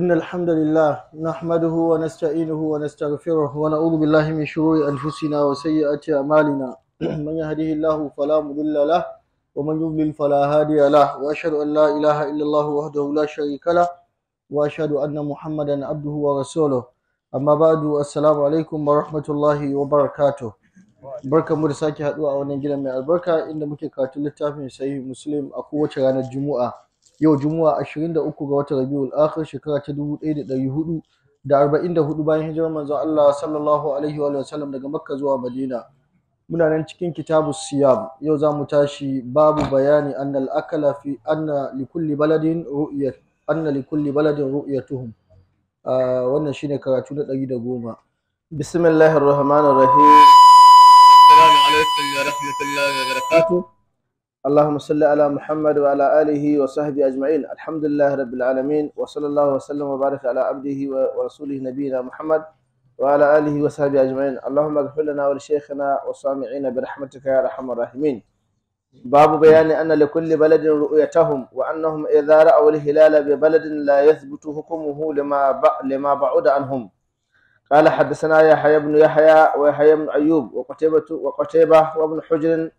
إن الحمد لله نحمده ونستعينه ونستغفره ونعوذ بالله من شرور أنفسنا وسيئات أعمالنا من يهده الله فلا مضل له ومن يضلل فلا هادي له وأشهد أن لا إله إلا الله وحده لا شريك له وأشهد أن محمدا عبده ورسوله أما بعد السلام عليكم ورحمة الله وبركاته barka mu da sake haduwa a wannan gidan mai albarka inda muke karatun littafin sahih muslim a kowace ranar juma'a yau juma'a 23 ga watan rabiul akhir shekara ta ɗaya da 44 bayan hijirar manzo Allah sallallahu alaihi wa sallam daga Makka zuwa Madina muna nan cikin kitabu siyam yau zamu tashi babu bayani annal akala fi anna likulli baladin ru'yat anna likulli baladin ru'yatuhum ah, wannan shine karatu na 110 bismillahir rahmanir rahim assalamu alaikum wa rahmatullahi wa barakatuh اللهم صل على محمد وعلى آله وصحبه أجمعين الحمد لله رب العالمين وصلى الله وسلم وبارك على عبده ورسوله نبينا محمد وعلى آله وصحبه أجمعين اللهم اغفر لنا ولشيخنا وصامعين برحمتك يا رحم الراحمين باب بيان أن لكل بلد رؤيتهم وأنهم إذا رأوا الهلال ببلد لا يثبت حكمه لما لما بعد عنهم قال حدثنا يحيى بن يحيى ويحيى بن أيوب وقتيبة وقتيبة وابن حجر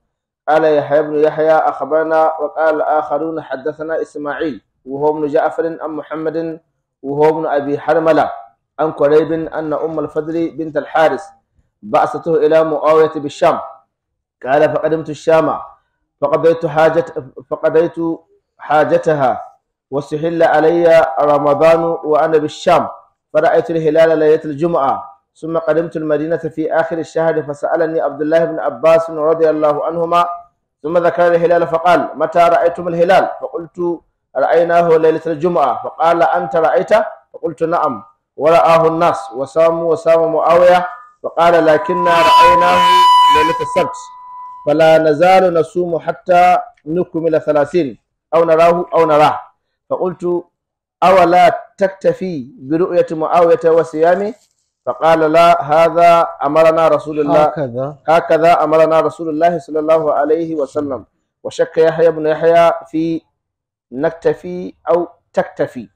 قال يحيى بن يحيى أخبرنا وقال الآخرون حدثنا إسماعيل وهو ابن جعفر عن محمد وهو ابن أبي حرملة عن قريب أن أم الفضل بنت الحارث بعثته إلى معاوية بالشام قال فقدمت الشام فقضيت حاجة فقضيت حاجتها وسهل علي رمضان وأنا بالشام فرأيت الهلال ليلة الجمعة ثم قدمت المدينة في آخر الشهر فسألني عبد الله بن عباس رضي الله عنهما ثم ذكر الهلال فقال متى رأيتم الهلال فقلت رأيناه ليلة الجمعة فقال أنت رأيته فقلت نعم ورآه الناس وساموا وسام معاوية فقال لكننا رأيناه ليلة السبت فلا نزال نصوم حتى نكمل ثلاثين أو نراه أو نراه فقلت أولا تكتفي برؤية معاوية وصيامه فقال لا هذا أمرنا رسول الله هكذا هكذا أمرنا رسول الله صلى الله عليه وسلم وشك يحيى بن يحيى في نكتفي أو تكتفي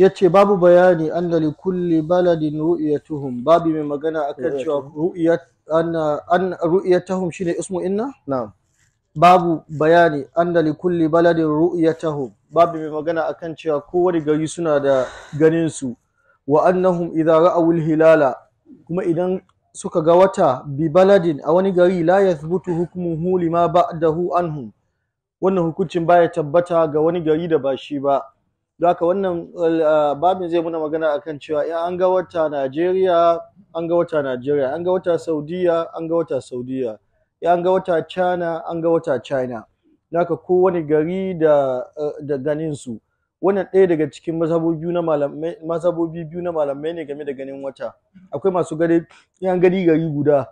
yace babu bayani anna li kulli baladin ru'yatuhum babu mai magana a kan cewa ru'yat anna an shine ismu inna na'am babu bayani anna li kulli baladin ru'yatuhum babu mai magana a kan cewa kowane gari suna da ganinsu. wa annahum idza ra'aw hilala kuma idan suka ga wata bi baladin a wani gari la yathbutu hukmuhu lima ba'dahu anhum wannan hukuncin baya tabbata ga wani gari da ba shi ba haka wannan uh, babin zai muna magana akan cewa in an ga wata Najeriya an ga wata Najeriya an ga wata Saudiya an ga wata Saudiya ya an ga wata China an ga wata China haka wani gari da uh, da ganin su wannan ɗaya daga cikin mazhabobi biyu na malamai ne game da ganin wata akwai masu gari yan gari gari guda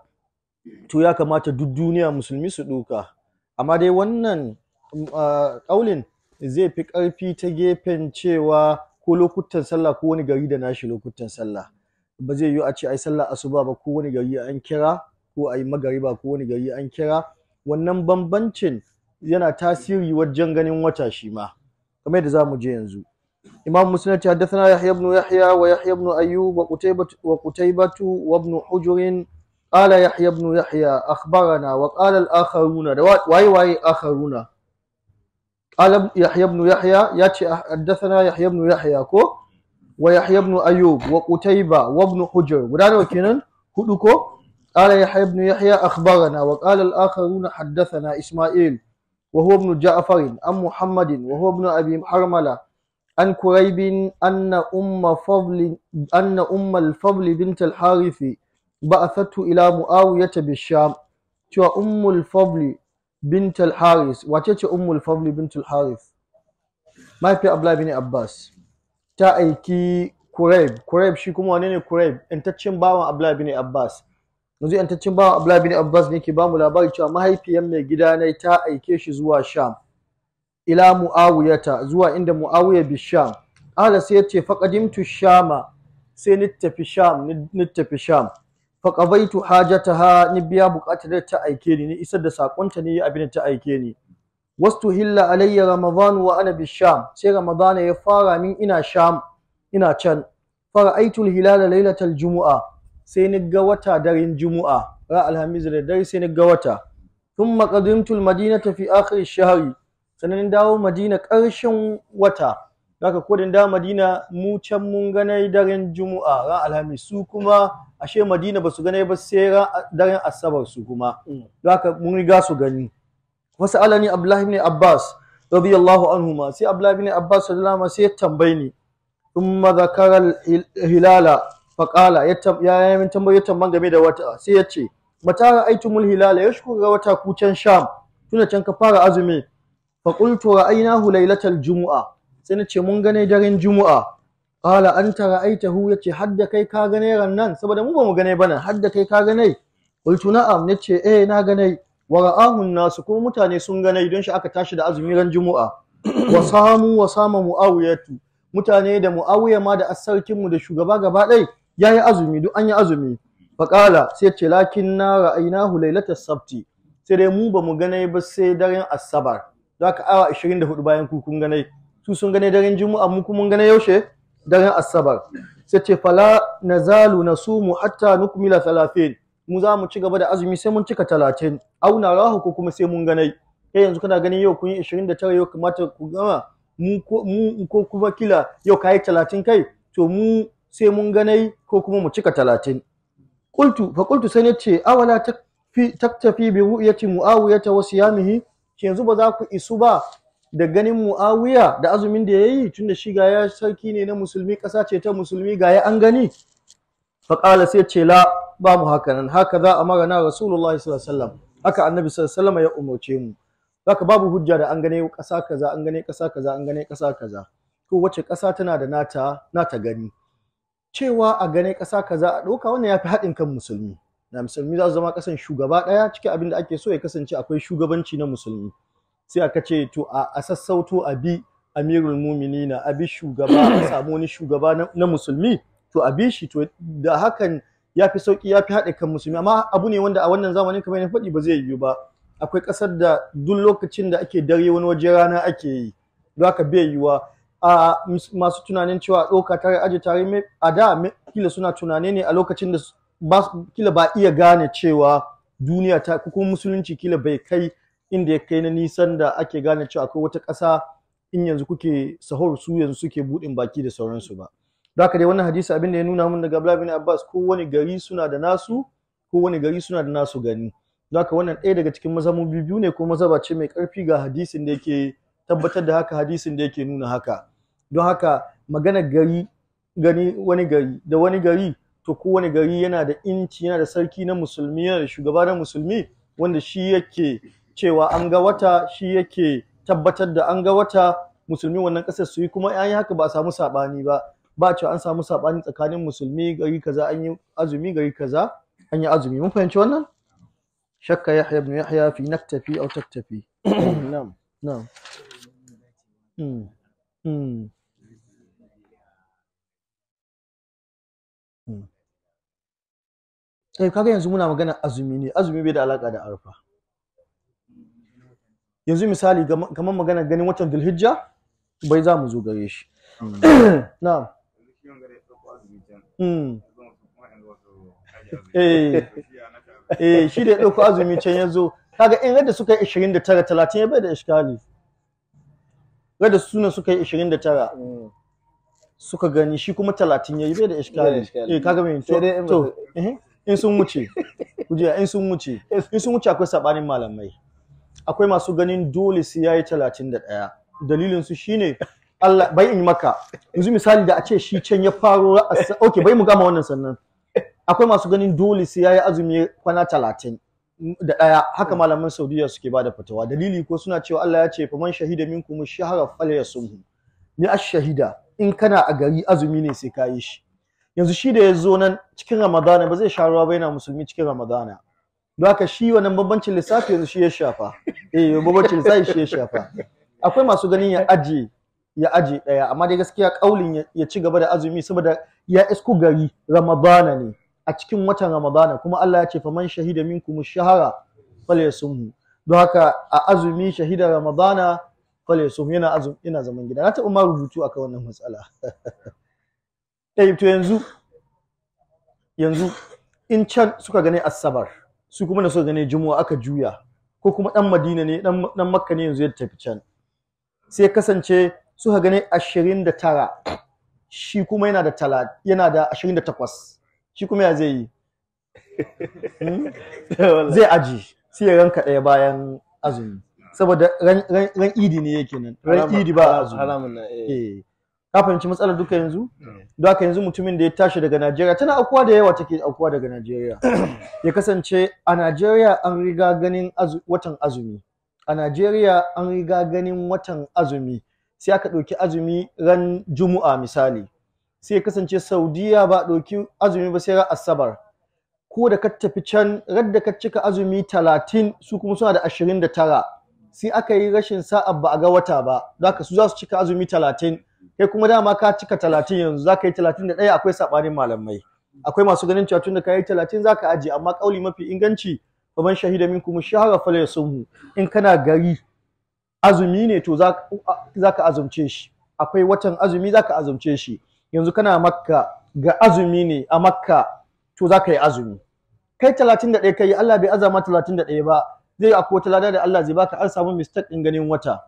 to ya kamata duk duniya musulmi su ɗauka. amma dai wannan ƙaulin zai fi ƙarfi ta gefen cewa ko lokutan sallah ko wani gari da nashi lokutan sallah ba zai yiwu a ce ai sallah asuba ba ko wani gari an kira ko ai magariba ko wani gari an kira wannan bambancin yana tasiri wajen ganin wata shi ma kamar yadda za mu je yanzu imam muslim ta haddathana yahya ibn wa yahya ibn wa qutaybah wa qutaybah wa ibn hujr yahya ibn wa qala al-akharuna yace haddathana yahya ibn yahya ko wa yahya guda nawa kenan hudu ko قال يحيى بن يحيى أخبرنا وهو ابن جعفر عن محمد وهو ابن أبي حرملة عن كريب أن أم فضل أن أم الفضل بنت الحارث بعثته إلى معاوية بالشام تو أم الفضل بنت الحارث وتتي أم الفضل بنت الحارث ما في أبلا بن عباس تا أيكي Kureb, Kureb shi kuma wane ne Kureb? ‘Yantaccen bawan Abdullahi bin Abbas, yanzu yantaccen bawa Abdullahi bin Abbas ne ke bamu labari cewa mahaifiyar mai gida ne ta aike shi zuwa Sham ila Muawiyata zuwa inda Muawiya bi Sham Allah sai ya ce faqadimtu Shama sai ni tafi Sham ni tafi Sham faqabaitu hajataha ni biya buƙatar da ta aike ni ni isar da sakonta ne abin da ta aike ni wastu hilla alayya ramadan wa ana bi Sham sai Ramadan ya fara min ina Sham ina can fara aitul hilala lailatal jumu'a sai ni ga wata daren Juma'a ra alhamis da dare sai ni ga wata thumma qadimtu almadinata fi akhir shahari. shahri sannan dawo Madina ƙarshen wata zaka ko da Madina mu can mun ganai daren Juma'a ra alhamis su kuma ashe Madina ba su ganai ba sai daren Asabar su kuma don haka mun riga su gani wasu alani Abdullahi ibn Abbas radiyallahu anhuma sai Abdullahi ibn Abbas radiyallahu anhu sai ya tambaye ni in mazakarar hilala faƙala ya yi min tambayoyi tamban game da wata sai ya ce mata aitumul hilala ya shuka ga wata kucen sham tuna can ka fara azumi fa qultu ra'aynahu laylatal jumu'a sai na ce mun gane daren jumu'a qala anta ra'aitahu ce hadda kai ka gane ran nan saboda mu ba mu gane bana hadda kai ka gane qultu na'am ce. eh na gane wa ra'ahu nasu kuma mutane sun gane don shi aka tashi da azumi ran jumu'a wa samu wa sama muawiyatu mutane da muawiya ma da asarkin mu da shugaba gaba ɗaya Ya yi azumi duk an yi azumi faƙala sai ce lakin na ra'aynahu lailatas sabti sai dai mu ba mu ganai ba sai daren asabar Za ka awa 24 bayan kukun ganai su sun ganai daren juma'a mu kuma mun ganai yaushe daren asabar sai ce fala na na Zalu su mu hatta nukumila talafin mu za mu ci gaba da azumi sai mun cika talatin au rahu ko kuma sai mun ganai kai yanzu kana ganin yau kun yi 29 yau kamata ku gama mu ko kuma kila yau ka yi talatin kai to mu sai mun ganai ko kuma mu cika talatin kultu fa kultu sai nace awala taktafi bi ru'yati ta wasu, siyamihi ki yanzu ba za ku isu ba da ganin muawiya da azumin da yayi tunda shi ga ya sarki ne na musulmi ƙasa ce ta musulmi ga ya an gani fa sai ce la ba hakanan haka za a magana rasulullahi sallallahu alaihi wasallam haka annabi sallallahu alaihi wasallam ya umarce mu ka babu hujja da an gane ƙasa kaza an gane ƙasa kaza an gane ƙasa kaza ko wace ƙasa tana da nata nata gani cewa a gane ƙasa kaza a ɗauka wannan ya fi haɗin kan musulmi Na musulmi za su zama ƙasan shugaba ɗaya cikin abin da ake so ya kasance akwai shugabanci na musulmi sai aka ce to a sassauto a bi amirul muminina a bi shugaba a samu wani shugaba na musulmi to a bi shi to da hakan ya fi sauƙi ya fi haɗe kan musulmi amma abu ne wanda a wannan zamanin kamar yana faɗi ba zai yiwu ba akwai ƙasar da duk lokacin da ake dare wani waje rana ake yi don haka bai yiwuwa masu tunanin cewa ɗauka tare aji tare a da kila suna tunane ne a lokacin da kila ba iya gane cewa duniya ta kuma musulunci kila bai kai inda ya kai na nisan da ake gane cewa akwai wata ƙasa in yanzu kuke sahur su yanzu suke buɗin baki da sauransu ba. Da haka dai wannan hadisi abin da ya nuna mun daga Abdullahi bin Abbas ko wani gari suna da nasu ko wani gari suna da nasu gani. Da haka wannan ɗaya daga cikin mazamu biyu ne ko mazaba ce mai ƙarfi ga hadisin da yake tabbatar da haka hadisin da yake nuna haka don haka magana gari gani wani gari da wani gari to ko wani gari yana da inci yana da sarki na musulmi yana da shugaba na musulmi wanda shi yake cewa an ga wata shi yake tabbatar da an ga wata musulmi wannan kasar su yi kuma yayi haka ba a samu saɓani ba ba cewa an samu saɓani tsakanin musulmi gari kaza an yi azumi gari kaza an yi azumi mun fahimci wannan shakka yahya ibn yahya fi naktafi aw taktafi na'am na'am 嗯嗯 mm. Mm. Mm. eh yanzu muna magana azumi ne azumi bai da alaka da arfa yanzu misali kamar magana ganin watan dulhijja bai za mu zo gare shi Na. Mm. Eh. eh shi da ya ɗauko azumi can ya zo kaga in yadda suka yi 29 30 ya bai da ishkali. da suna suka yi 29 mm. suka gani shi kuma 30 yayi bai da iskali. Eh kaga me to eh, in sun wuce kujiya in sun wuce in sun wuce akwai sabanin malamai. Akwai masu ganin dole sai yayi 31 dalilin su shine Allah bai in maka yanzu misali da a ce shi can ya faro okay bai mu gama wannan sannan akwai masu ganin dole sai yayi azumi kwana 30 da ɗaya haka hmm. malaman saudiya suke bada fatawa dalili ko suna cewa Allah ya ce fa man shahida minkum shahra yasumhu ni ash-shahida in kana a gari azumi ne sai ka yi shi yanzu shi da ya zo nan cikin ramadana ba zai sharuwa ba yana musulmi cikin ramadana don haka shi wannan bambancin lissafi yanzu shi ya shafa eh bambancin lissafi shi ya shafa akwai masu ganin ya aje ya aje daya amma dai gaskiya kaulin ya ci gaba da azumi saboda ya isku gari ramadana ne a cikin watan Ramadana kuma Allah ya ce fa man shahida minkum shahara falyasumhu don haka a azumi shahida Ramadana falyasumhu yana azum yana zaman gida na taɓa ma rubutu akan wannan matsala eh to yanzu yanzu in can suka gane asabar su kuma da suka gane juma'a aka juya ko kuma dan Madina ne dan Makka ne yanzu ya tafi can sai kasance suka gane 29 shi kuma yana da 30 yana da 28 shi kuma ya zai yi hmm? zai aji sai ya ranka ɗaya bayan azumi saboda ran idi ne yake nan ran idi ba azumi haramun na eh. eh. ka fahimci matsalar duka yanzu eh. don haka yanzu mutumin da ya tashi daga Najeriya tana aukuwa da yawa take aukuwa daga Najeriya ya kasance a Najeriya an riga ganin watan azumi a Najeriya an riga ganin watan azumi sai aka ɗauki azumi ran Juma'a misali sai ya kasance saudiya ba ɗauki azumi ba sai ran asabar ko da ka tafi can radda ka cika azumi talatin su kuma suna da ashirin da tara sai aka yi rashin sa'a ba a ga wata ba zaka su za su cika azumi talatin kai kuma dama ka cika talatin yanzu za ka yi talatin da ɗaya akwai saɓanin malamai akwai masu ganin cewa tun da ka yi talatin za ka ajiye amma ƙauli mafi inganci faman shahida min kuma shahara fala yasumhu in kana gari azumi ne to za ka azumce shi akwai watan azumi za ka azumce shi yanzu kana makka ga azumi ne a makka to za ka yi azumi kai 31 kai Allah bai azama ɗaya ba zai akwai wata lada da Allah zai baka an samu mistake din ganin wata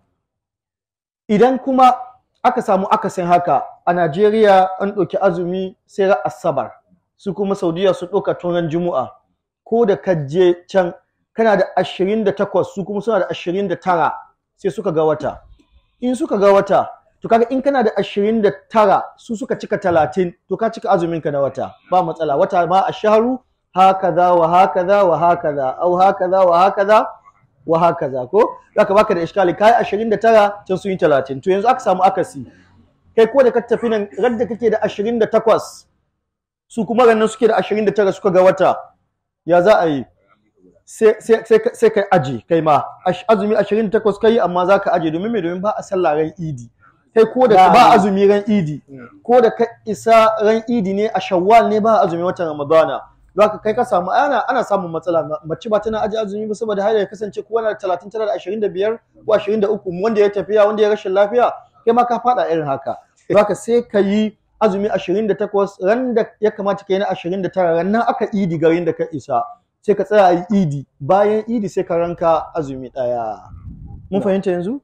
idan kuma aka samu akasin haka a Najeriya an ɗauki azumi sai ra asabar su kuma Saudiya su ɗauka tunan Juma'a ko da ka je can kana da 28 su kuma suna da ashirin da tara, sai suka ga wata in suka ga wata to kaga in kana da 29 su suka cika 30 to ka cika azumin ka na wata ba matsala wata ma a haka za wa haka za wa haka za au haka za wa haka za wa haka za ko zaka baka da iskali kai 29 can sun yi 30 to yanzu aka samu akasi kai ko da ka tafi nan radda kake da 28 su kuma ranan suke da 29 suka ga wata ya za a yi sai kai aji kai ma azumi 28 kai amma za ka aje domin me domin ba a sallah ran idi kai ko da ba azumi ran idi ko da ka isa ran idi ne a shawwal ne ba azumi watan ramadana zaka kai ka samu ana ana samun matsala mace ba tana aji azumi ba saboda haila ya kasance ko na 39 da 25 ko 23 wanda ya tafiya wanda ya rashin lafiya kai ma ka fada irin haka zaka sai ka yi azumi 28 ran da ya kamata ka yi na 29 ran nan aka idi garin da ka isa sai ka tsaya a yi idi bayan idi sai ka ranka azumi daya mun fahimta yanzu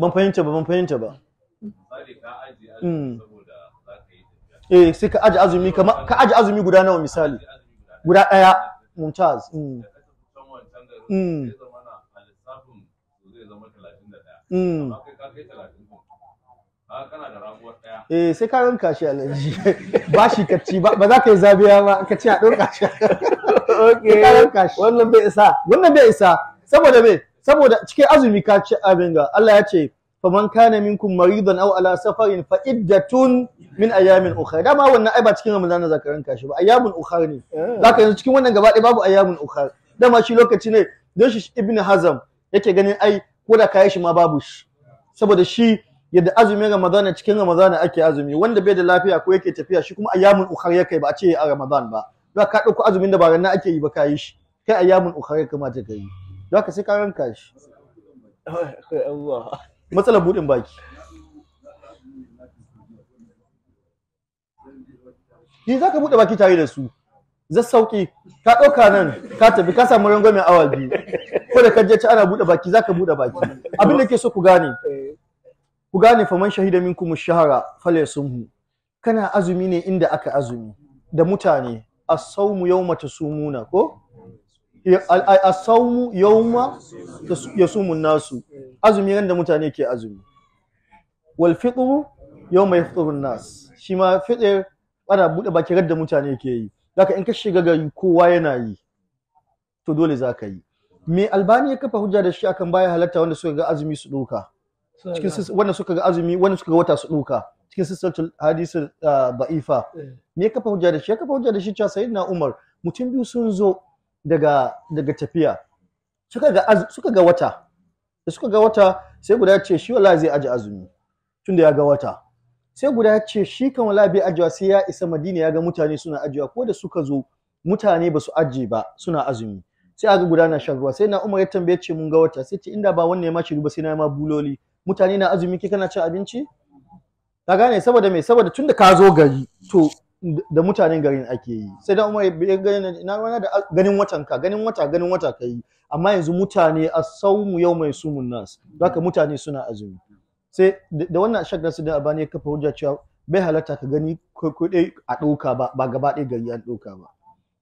ban fahimta ba ban fahimta ba mm. eh sai ka aji azumi ka aji azumi guda nawa misali guda ɗaya mumtaz Eh sai ka ranka shi alaji ba shi ka ci ba za ka yi zabiya ba ka ci a ɗauka shi. Wannan bai isa. Wannan bai isa. Saboda me? saboda cikin azumi ka ci abin ga Allah ya ce faman kana minkum maridan aw ala safarin fa iddatun min ayamin ukhra ma wannan ai ba cikin ramadan zaka ranka shi ba ayamin ukhra ne ah. zaka yanzu cikin wannan gaba ɗaya babu ayamin ukhra ma shi lokaci ne don shi ibn hazam yake ganin ai ko da kayi shi ma babu shi saboda shi yadda azumin ramadan cikin ramadan ake azumi wanda bai da lafiya ko yake tafiya shi kuma ayamin ukhra yake ba a ce a ramadan ba za ka ɗauko azumin da ba ranna ake yi ba kayi shi kai ayamin ukhra ya kamata ka don haka sai ka ranka shi matsalar buɗin baki Ni za ka buɗe baki tare da su, za sauƙi, ka ɗauka nan, ka tafi, ka samu rangwamen awa biyu, ko da ka je ci ana buɗe baki, za ka buɗe baki. Abin da ke so ku gane, ku gane faman shahida min kuma shahara fale sunhu. Kana azumi ne inda aka azumi, da mutane, asaumu yau mata sumuna, ko? asawmu yawma yasumun nasu azumi ran da mutane ke azumi wal fitru yawma yafṭurun nas shi ma fitr ana bude baki ran da mutane ke yi zaka in ka shiga gari kowa yana yi to dole zaka yi me albani ya kafa hujja da shi akan baya halatta wanda suka ga azumi su doka cikin wanda suka ga azumi wanda suka ga wata su doka cikin sissatul hadisul ba'ifa ah, eh. me ya kafa hujja da shi ya kafa hujja da shi cewa sayyidina umar mutum biyu sun zo daga daga tafiya suka ga suka ga wata da suka ga wata sai guda ce shi wala zai aji azumi tunda ya ga wata sai guda ce shi kan wala bai ajiwa sai ya isa madina ya ga mutane suna ajiwa ko da suka zo mutane ba su ajiye ba suna azumi sai aka guda na shan ruwa sai na umar ya tambaye ce mun ga wata sai ce inda ba wannan ya ma shiru ba sai na ma buloli mutane na azumi ke kana cin abinci ka gane saboda me saboda tunda ka zo gari to da mutanen garin ake yi sai da umar ya gani da ganin watan ka ganin wata ganin wata ka yi amma yanzu mutane a saumu yau mai sumun nas haka mutane suna azumi sai da wannan shak nasu da albani ya kafa hujja cewa bai halatta ka gani kuɗi a ɗauka ba ba gaba ɗaya gari an ɗauka ba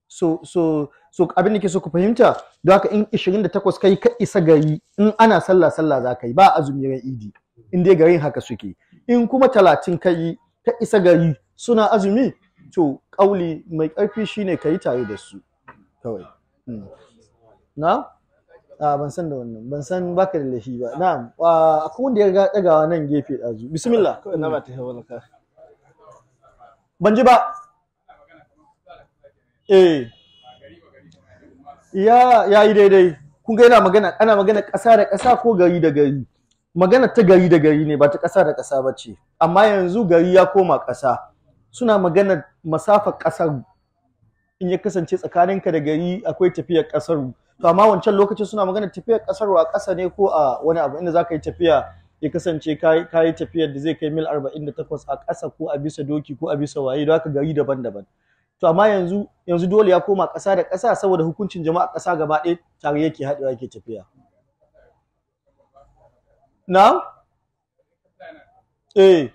so so so abin da ke so ku fahimta don haka in 28 kai ka isa gari in ana sallah sallah za ka yi ba azumi ran idi in dai garin haka suke in kuma 30 kai ka isa gari suna azumi to ƙauli mai ƙarfi shine ka yi tare da su kawai hmm. na a ban san da wannan ban san baka da lafi ba na'am akwai wanda ya ga dagawa nan gefe ɗazu bismillah kawai na ba ta hawa ka ban ji ba eh ya ya yi daidai kun ga yana magana ana magana ƙasa da ƙasa ko gari da gari magana ta gari da gari ne ba ta ƙasa da ƙasa ba ce amma yanzu gari ya koma ƙasa suna magana masafar ƙasar in ya kasance tsakaninka da gari akwai tafiyar ƙasar to amma wancan lokacin suna magana tafiyar ƙasar a ƙasa ne ko a wani abu inda za ka yi tafiya ya kasance ka yi tafiyar da zai kai mil 48 a ƙasa ko a bisa doki ko a bisa waye don haka gari daban-daban to amma yanzu yanzu dole ya koma ƙasa da ƙasa saboda hukuncin jama'a ƙasa gaba ɗaya tare yake haɗewa yake tafiya na eh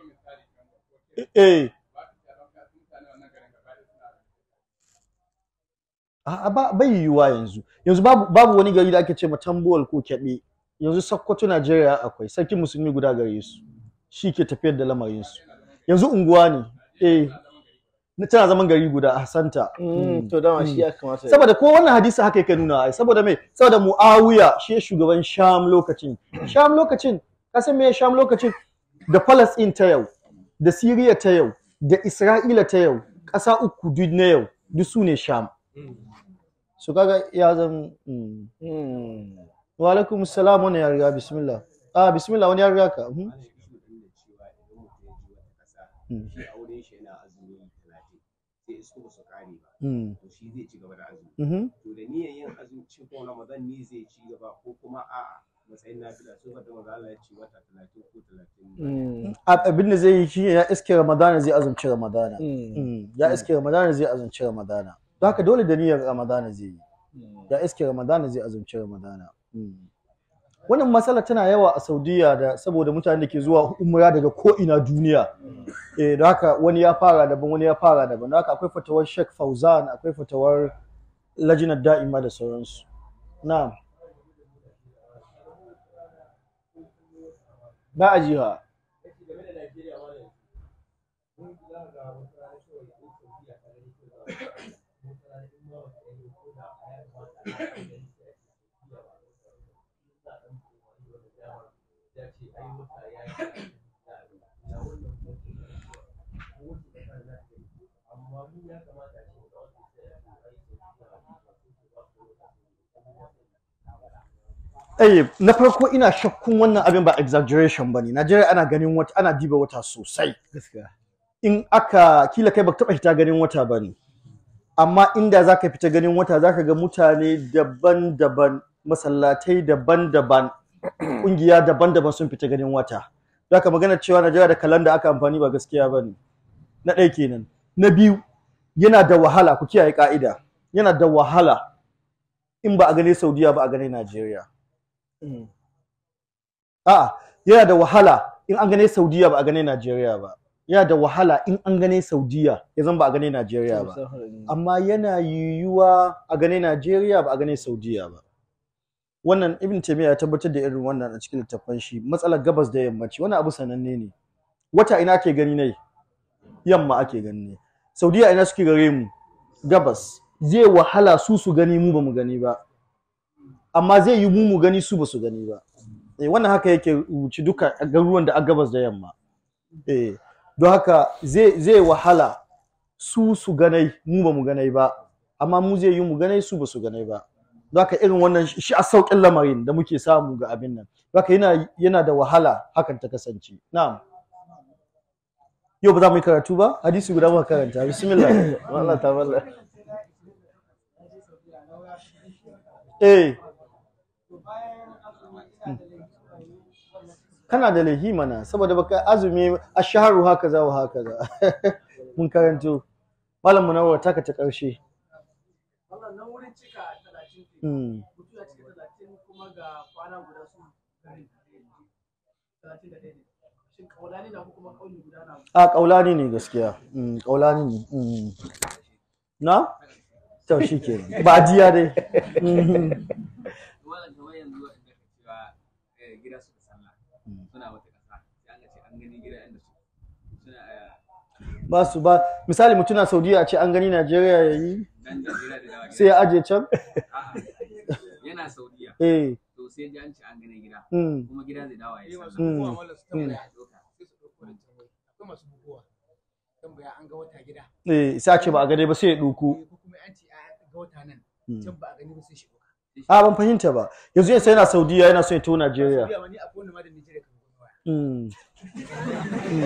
eh A'a ba bai yiwuwa yanzu. Yanzu babu wani gari da ake ce matambuwal ko kyaɓe. Yanzu Sokoto Najeriya akwai sarki musulmi guda gare su. Shi ke tafiyar da lamarin su. Yanzu unguwa ne. Eh na tana zaman gari guda a santa. Mm, mm. To dama shi ya mm. kamata. Saboda ko wannan hadisi haka yake nuna ai saboda me saboda Muawiya shi shugaban Sham lokacin. Sham lokacin Kasa san me Sham lokacin da Palestine ta yau da Syria ta yau da Isra'ila ta yau ƙasa uku duk na yau duk su ne Sham. su kaga ya zan hmm. Hmm. wa alaikum salam wani ya riga bismillah ah bismillah wani ya riga ka hmm. zai abin da zai yi shi ya iske ramadana zai azumci ramadana ya iske ramadana zai azumci ramadana don haka dole da niyyar ramadana zai yi hmm. da iske ramadana zai azumci ramadana hmm. Hmm. wannan matsala tana yawa a saudiya da saboda mutane da ke zuwa umra daga ina duniya eh don haka wani ya fara daban wani ya fara daban don haka akwai fatawar sheikh fauzan akwai fatawar lajinar da'ima da sauransu na'am ba a jiha na farko ina shakkun wannan abin ba exaggeration bane. Najeriya ana ganin wata ana diba wata sosai. In aka kila kai baka taba hita ganin wata bane. amma inda za ka fita ganin wata za ka ga mutane daban-daban masallatai daban-daban ƙungiya daban-daban sun fita ganin wata za ka magana cewa najeriya da kalanda aka amfani ba gaskiya ba ne na ɗaya kenan na biyu yana da wahala ku kiyaye ka'ida yana da wahala in ba a gane saudiya ba a gane najeriya a'a yana da wahala in an gane saudiya ba a gane najeriya ba yana da wahala in an gane Saudiya ya zan ba a gane Najeriya ba amma yana yiwuwa a gane Najeriya ba a gane Saudiya ba wannan Ibn Taymiyyah ya tabbatar da irin wannan a cikin littafin shi matsalar gabas da yammaci wannan abu sananne ne wata ina ake gani ne yamma ake gani ne Saudiya ina suke gare mu gabas zai wahala su su gani mu ba mu gani ba amma zai yi mu mu gani su ba su gani ba eh wannan haka yake rubuci duka garuruwan da a gabas da yamma eh don haka zai wahala su su ganai mu ba mu ganai ba amma mu zai yi mu ganai su ba su ganai ba don haka irin wannan shi a saukin lamarin da muke samu ga abin nan don haka yana da wahala hakan ta kasance na'am yau ba za mu yi karatu ba hadisi guda muka karanta bismillah wallahi ta eh kana da lahi mana saboda baka azumi a shaharu haka za wa haka za mun karanto malam munawwar taka ta karshe nan hmm. wurin cika a kaulani ne gaskiya kaulani hmm, hmm. na taushe ke ba jiya dai ba su ba misali mutum na saudiya ce an gani najeriya ya yi sai ya aje can yana saudiya eh to sai ji an ce gani gida hmm. kuma gida zai dawa ya Eh, sai ce ba a gane ba sai ya ɗauko. A ban fahimta ba. Yanzu yana sai Saudiya yana so ya to Najeriya. an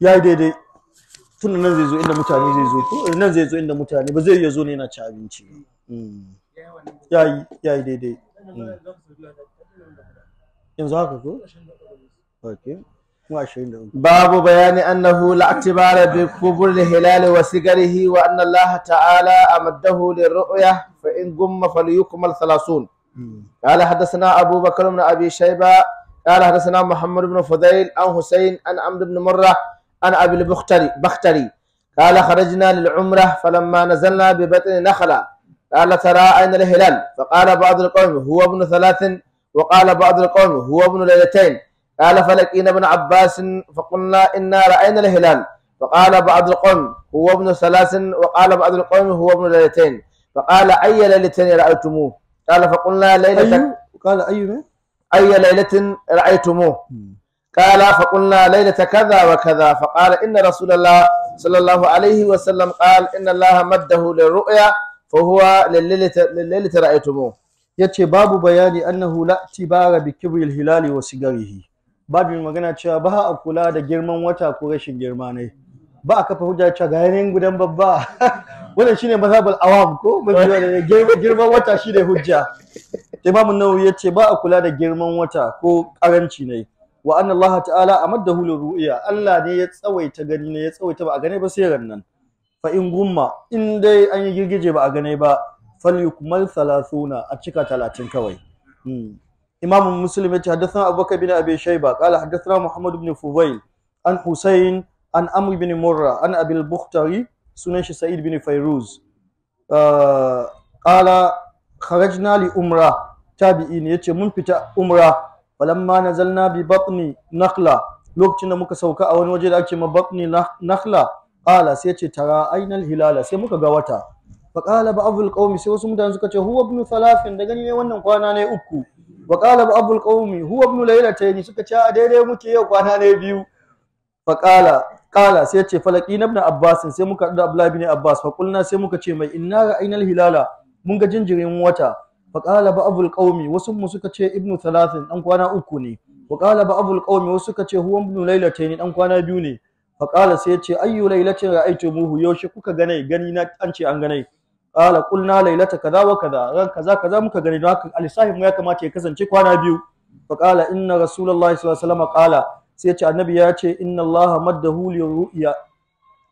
ya yi daidai tun da nan zai zo inda mutane zai zo tun eh, nan zai zo inda mutane ba zai iya zo ne yana ci abinci ya yi ya yi daidai hmm. yanzu haka ko okay babu bayani annahu la atibara bi kubur hilali wa sigarihi wa anna Allah ta'ala amaddahu lirru'ya fa in gumma falyukmal thalathun قال حدثنا أبو بكر بن أبي شيبة قال حدثنا محمد بن فضيل عن حسين عن عمرو بن مرة عن أبي البختري بختري قال خرجنا للعمرة فلما نزلنا ببطن نخلة قال ترى أين الهلال فقال بعض القوم هو ابن ثلاث وقال بعض القوم هو ابن ليلتين قال فلقينا ابن عباس فقلنا إنا رأينا الهلال فقال بعض القوم هو ابن ثلاث وقال بعض القوم هو ابن ليلتين فقال أي ليلتين رأيتموه قال فقلنا ليلة أي... قال أي أي ليلة رأيتموه قال فقلنا ليلة كذا وكذا فقال إن رسول الله صلى الله عليه وسلم قال إن الله مده للرؤيا فهو لليلة رأيتموه yace babu bayani annahu la tibara bi kibril hilali wa sigarihi babin magana cewa ba a kula da girman wata ko rashin girma ne ba a kafa hujja cewa ga yanayin gudan babba wannan shine mazhabul awam ko girman wata shine hujja imamu an-nawawi yace ba a kula da girman wata ko karanci ne wa anna Allah ta'ala amaddahu Ru'iya. Allah ne ya tsawaita gani ne ya tsawaita ba a gane ba sai rannan fa in gumma in dai an yi girgije ba a gane ba falyukmal 30 a cika 30 kawai hmm. Imam Muslim ya ce hadasan Abubakar bin Abi Shaiba kala hadasan Muhammad bin Fubail an Hussain an amri bin Murra an Abil Bukhtari sunan shi Sa'id bin Fairuz kala kharajna li umra tabi'i ne yace mun fita umra walamma na bi batni nakhla lokacin da muka sauka a wani waje da ake ma batni nakhla kala sai yace tara ainal hilala sai muka ga wata fa kala ba abul qaumi sai wasu mutane suka ce huwa ibn thalathin da gani ne wannan kwana ne uku wa qala abul qaumi huwa ibn laylatayn suka ce a daidai muke yau kwana ne biyu fa qala qala sai ce falaki ibn abbas sai muka da abdullahi ibn abbas fa sai muka ce mai inna ra'ainal hilala mun ga jinjirin wata fa qala ba abul qaumi wasu mu suka ce ibn thalathin dan kwana uku ne wa qala ba abul qaumi wasu suka ce huwa ibn laylatayn dan kwana biyu ne fa qala sai ce ayyu laylatin ra'aytumuhu yaushe kuka ganai gani na an ce an ganai qala qulna laylata kaza wa kaza ran kaza kaza muka gani don haka alisahin mu ya kamata ya kasance kwana biyu fa qala inna rasulullahi sallallahu alaihi wasallam qala sai ya ce annabi ya ce inna allah maddahu ru'ya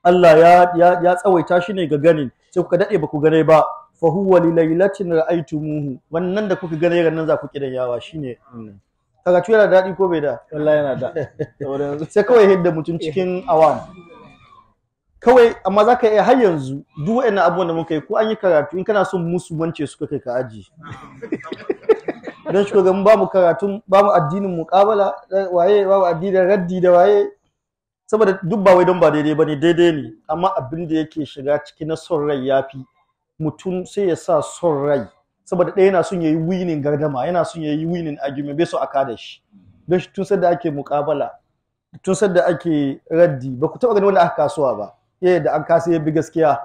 Allah ya ya tsawaita shi ne ga ganin sai kuka dade ba ku gane ba fa huwa li laylatin ra'aytumuhu wannan da kuka gane ran nan za ku kidan yawa shine mm. kaga yana da dadi ko bai da wallahi yana da sai kawai hidda mutun cikin awan kawai amma za ka iya har yanzu duk waɗannan abubuwan da muka yi ko an yi karatu in kana son musu wance suka kai ka aji don shi ga ba mu karatu ba addinin muƙabala waye ba addinin raddi da waye saboda duk ba wai don ba daidai ba ne daidai ne amma abin da yake shiga ciki na son rai ya fi mutum sai ya sa son rai saboda ɗaya yana son ya yi winning gardama yana son ya yi winin argument bai so a kada shi don shi tun sadda ake muƙabala tun sadda ake raddi ba ku taɓa ganin wanda aka kasuwa ba ya eh, da an kasa ya bi gaskiya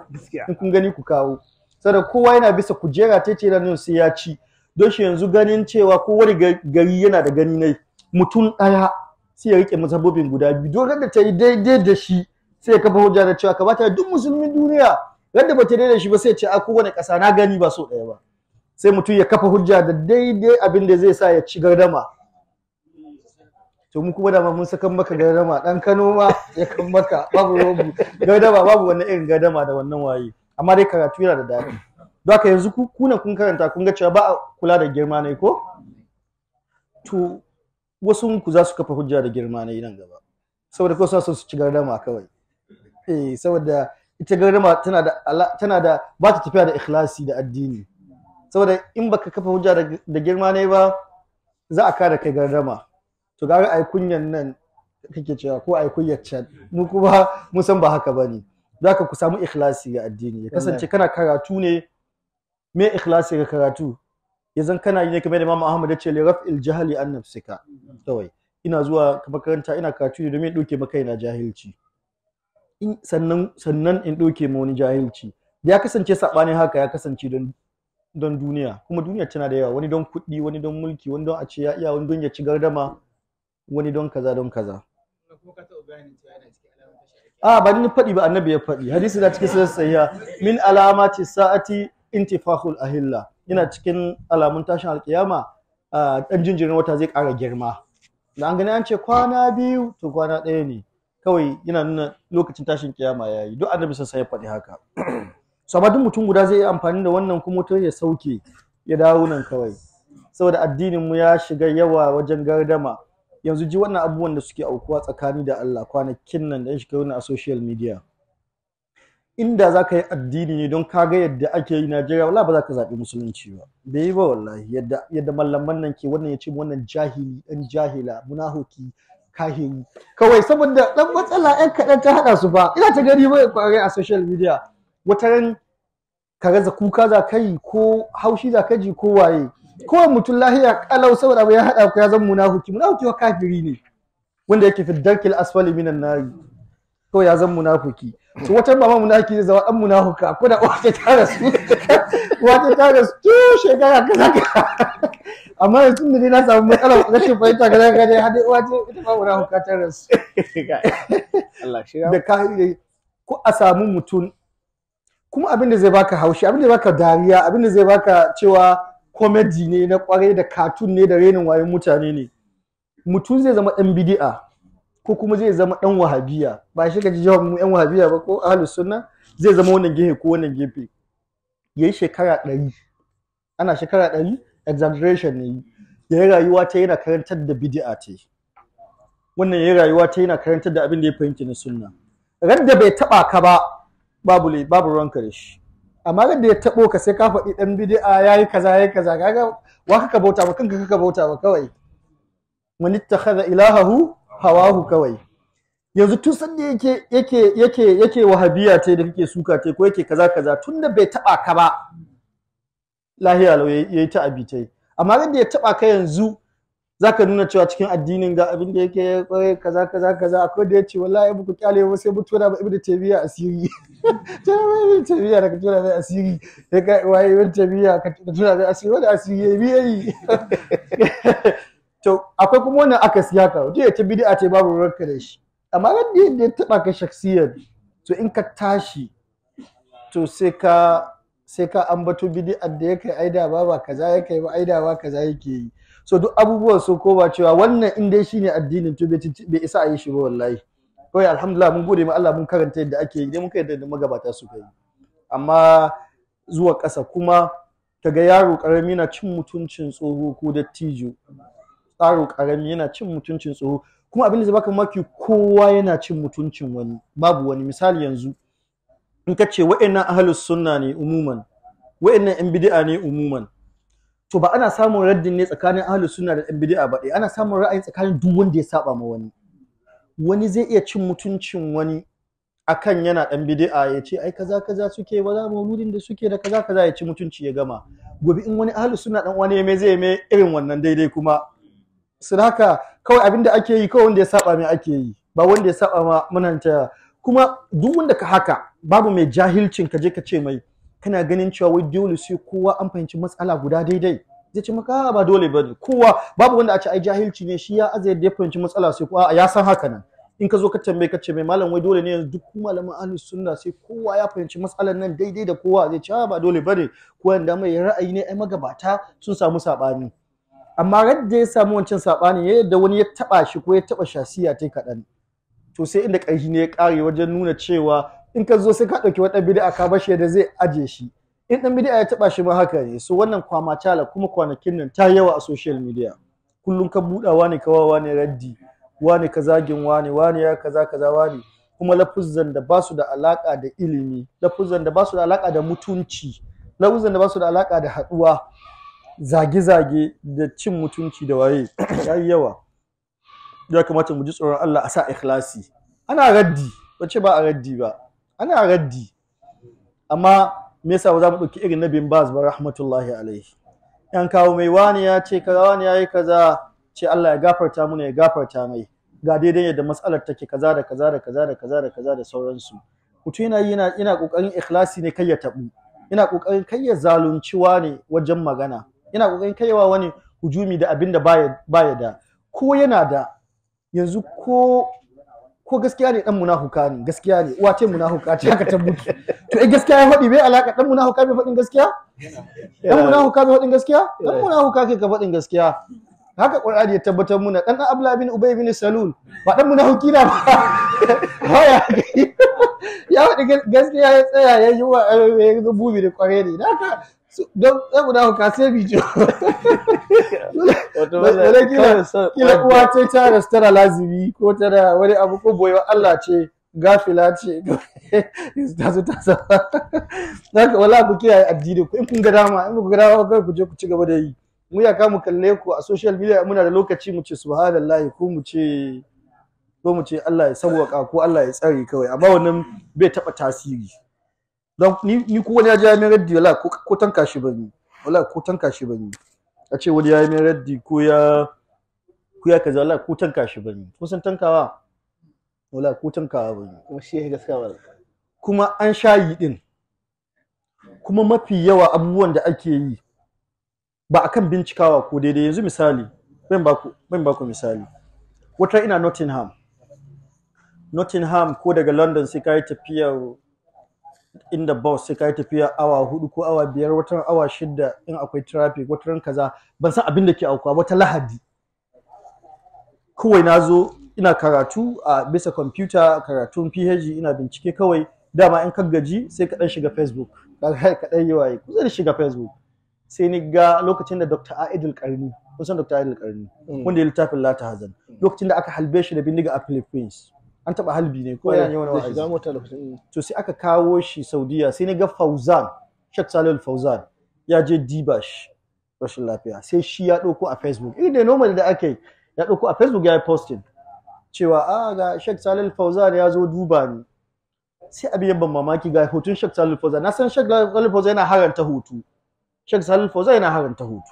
in kun gani ku kawo saboda kowa yana bisa kujera ta ce ranar sai ya ci don shi yanzu ganin cewa kowane gari yana da gani ne mutum ɗaya sai ya rike mazabobin guda biyu don da ta yi daidai da shi sai ya kafa hujja da cewa kamata duk musulmin duniya yadda ba ta daidai shi ba sai ce a kowane ƙasa na gani ba so ɗaya ba sai mutum ya kafa hujja da daidai abin da zai sa ya ci gardama to mu kuma dama mun sakan maka gardama dan Kano ma ya kan maka babu babu gardama babu wani irin gardama da wannan waye amma dai karatu yana da daɗi don haka yanzu ku kuna kun karanta kun ga cewa ba a kula da girma ne ko to wasu ku za su kafa hujja da girma ne nan gaba saboda ko suna son su ci gardama kawai eh saboda ita gardama tana da tana da ba ta tafiya da ikhlasi da addini saboda in baka kafa hujja da girma ne ba za a kada kai gardama to gara ai kunyan nan kake cewa ko ai kunyar mu kuma mu san ba haka bane za ka ku samu ikhlasi ga addini ya kasance kana karatu ne me ikhlasi ga karatu ya zan kana yi ne kamar da Imam Ahmad ya ce li raf'il jahli an nafsika kawai ina zuwa makaranta ina karatu ne domin doke maka ina jahilci sannan sannan in doke ma wani jahilci ya kasance sabanin haka ya kasance don don duniya kuma duniya tana da yawa wani don kuɗi wani don mulki wani don a ce ya iya wani don ya ci gardama wani don kaza don kaza a ah, ba ni faɗi ba annabi ya faɗi hadisi na cikin sunan sahiha min alamati sa'ati intifahul ahilla yana cikin alamun tashin alkiyama dan ah, jinjirin wata zai ƙara girma da an gani an ce kwana biyu to kwana ɗaya ne kawai yana nuna lokacin tashin kiyama yayi duk annabi sun ya faɗi haka so ba duk mutum guda zai yi amfani da wannan kuma ta ya sauke ya dawo nan kawai saboda addinin mu ya shiga yawa wajen gardama yanzu ji wannan abubuwan da suke aukuwa tsakani da Allah kwanakin nan da shiga wani a social media inda za ka yi addini ne don ka ga yadda ake yi Najeriya wala ba za ka zaɓi musulunci ba bai yi ba wallahi yadda yadda mallaman nan ke wannan ya ce wannan jahili ɗan jahila munahoki kahiri kawai saboda ɗan matsala ɗan kaɗan ta haɗa su ba ina ta gani ba kwarai a social media wata ran ka raza kuka za ka yi ko haushi za ka ji ko waye kowai mutum lahiya kalau saboda abu ya hada ku ya zan munafuki. Munafuki wa kafiri ne wanda yake fi darkil asfali minan nari kawai ya zan munafuki. to wata mama munafiki zai zama dan munafuka ko da wata ta rasu wata ta rasu to shekara kaza amma yanzu da ni na samu matsala ga shi fahimta kaza kaza har dai wata ita ma munafuka ta rasu Allah shi da kafiri ko a samu mutum kuma abin da zai baka haushi abin da zai baka dariya abin da zai baka cewa komedi ne na kwarai da katun ne da renin wayan mutane ne mutum zai zama dan bidi'a ko kuma zai zama dan wahabiya ba shi ka ji jawab mu yan wahabiya ba ko ahlus sunna zai zama wannan gefe ko wannan gefe yayi shekara ɗari ana shekara ɗari exaggeration ne yayi rayuwa ta yana karantar da bidi'a ta wannan yayi rayuwa ta yana karantar da abin da ya fahimci na sunna radda bai taba ka ba babu babu ranka da shi amma da ya tabo ka sai ka faɗi ɗan bid'a yayi kaza yayi kaza kaga wa ka bauta ba kanka ka bauta ba kawai man ittakhadha ilahahu hawahu kawai yanzu tun sanda yake yake yake yake wahabiya da kake suka ce ko yake kaza kaza tunda bai taɓa ka ba lahiya lau yayi ta abi amma da ya taɓa ka yanzu zaka nuna cewa cikin addinin ga abin da yake kwarai kaza kaza kaza akwai da yace wallahi ku kyale ba sai mutu da ibnu tabiya asiri ta ba ibnu tabiya da tura mai asiri sai ka wai ibnu tabiya ka tura mai asiri wanda asiri ya biye yi. to akwai kuma wannan akasi haka wanda ya ce bid'a ce babu ruwanka da shi amma ran da ya taba ka shaksiyar to in ka tashi to sai ka sai ka ambato bid'a da ya aidawa ba kaza ya ba aidawa ba kaza yake yi so duk abubuwan sun ba cewa wannan in dai ne addinin to bai isa a yi shi ba wallahi kawai alhamdulillah mun gode ma Allah mun karanta yadda ake yi mun kai yadda magabata su kai amma zuwa ƙasa kuma ga yaro karami yana cin mutuncin tsoho ko dattijo tsaro karami yana cin mutuncin tsoho kuma abin da zai baka maki kowa yana cin mutuncin wani babu wani misali yanzu in ka ce wa'annan ahlus sunna ne umuman wa'annan yan bid'a ne umuman to ba ana samun raddin ne tsakanin ahlus sunna da ɗan bid'a ba eh, ana samun ra'ayi tsakanin duk wanda ya saba ma wani wani zai iya cin mutuncin wani akan yana ɗan bid'a ya ce ai kaza kaza suke ba za mauludin da suke da kaza kaza ya ci mutunci ya gama gobe in wani ahlus sunna dan wani mai zai mai irin wannan daidai kuma sun haka kawai abin da ake yi kawai wanda ya saba mai ake yi ba wanda ya saba ma munanta kuma duk wanda ka haka babu mai jahilcin ka je ka ce mai kana ganin cewa wai dole sai kowa an fahimci matsala guda daidai zai ce maka ba dole ba kowa babu wanda a ce ai jahilci ne shi ya azai da ya fahimci matsala sai kowa ya san haka nan in ka zo ka tambaye ka ce mai malam wai dole ne yanzu duk malaman ahlus sunna sai kowa ya fahimci matsalan nan daidai da kowa zai ce ba dole bane kowa yanda mai ra'ayi ne ai magabata sun samu sabani amma radda ya samu wancan sabani ya yadda wani ya taba shi ko ya taba shasiya tai kadan to sai inda ƙarfi ne ya kare wajen nuna cewa in ka zo sai ka ɗauki wata bid'a ka bashi da zai aje shi in ɗan bid'a ya taɓa shi ma haka ne so wannan kwama cala kuma kwanakin nan ta yawa a social media kullum ka buɗawa ne kawa ne raddi wani ka zagin wani wani ya kaza kaza wani kuma lafuzzan da basu da alaka da ilimi lafuzzan da basu da alaka da mutunci lafuzzan da basu da alaka da haduwa zage-zage da cin mutunci da waye yayi yawa ya kamata mu ji tsoron Allah a sa ikhlasi ana raddi wace ba a raddi ba ana raddi amma me yasa ba za mu ɗauki irin na bin baz ba rahmatullahi alaihi yan kawo mai wani ya ce kaza wani ya yi kaza ce Allah ya gafarta mu ya gafarta mai ga daidai yadda matsalar take kaza da kaza da kaza da kaza da kaza da sauransu mutum yana yana ina kokarin ikhlasi ne kai ya tabu ina kokarin kai ya zalunciwa ne wajen magana ina kokarin wa wani hujumi da abin da baya da ko yana da yanzu ko ko gaskiya ne dan munafuka ne gaskiya ne uwa ce munafuka ce haka tabbuki to eh gaskiya ya faɗi bai alaka dan munafuka bai faɗin gaskiya dan munafuka bai faɗin gaskiya dan munafuka kai ka faɗin gaskiya haka Qur'ani ya tabbatar muna dan abla bin Ubay bin Salul ba dan munafuki na ba ya faɗi gaskiya ya tsaya ya yi wa ya zo bubi da kware ne haka don saboda haka sai bijo wala kila kila uwa ce ta rastara lazimi ko ta tana wani abu ko boyewa Allah ce gafila ce ta zo ta saba haka wala ku kiyaye addini ku in kun ga dama in kun ga dama kai ku je ku ci gaba da yi mu ya kamu kalle ku a social media muna da lokaci mu ce subhanallahi ko mu ce ko mu ce Allah ya sauwaka ko Allah ya tsare kawai amma wannan bai taɓa tasiri don ni ko wani ya ji ya min raddi wala ko tanka shi bane wala ko tanka shi bane a ce wani ya yi min raddi ko ya ko ya kaza wala ko tanka shi bane ko san tankawa wala ko tankawa bane kuma shi ya gaskiya wala kuma an sha yi din kuma mafi yawa abubuwan da ake yi ba akan bincikawa ko daidai yanzu misali ban baku ba ku misali wata ina Nottingham Nottingham ko daga London sai kai tafiyar inda bus sai kai tafiya awa hudu ko awa biyar wata awa shida in akwai traffic wata ran kaza ban san abin da ke aukuwa ta lahadi kawai na zo ina karatu a bisa kwamfuta karatun PhD ina bincike kawai dama in ka gaji sai ka dan shiga Facebook ka dan yi waye ku zai shiga Facebook sai ni ga lokacin da Dr. Aidil Karni kun san Dr. Aidil Karni mm. wanda ya littafin Lata Hazan mm. lokacin da aka halbe shi da bindiga a Philippines an taba halbi ne ko yana wani wa'azi to sai aka kawo shi Saudiya sai na ga Fauzan Sheikh Salil Fauzan ya je Dibash rashin lafiya sai shi ya ɗauko a Facebook irin da normal da ake ya ɗauko a Facebook ya yi posting cewa a ah, ga Sheikh Salil Fauzan ya zo duba ni sai abin yabban mamaki ga hoton Sheikh Salil Fauzan na san Sheikh Salil Fauzan yana haranta hutu Sheikh Salil Fauzan yana haranta hutu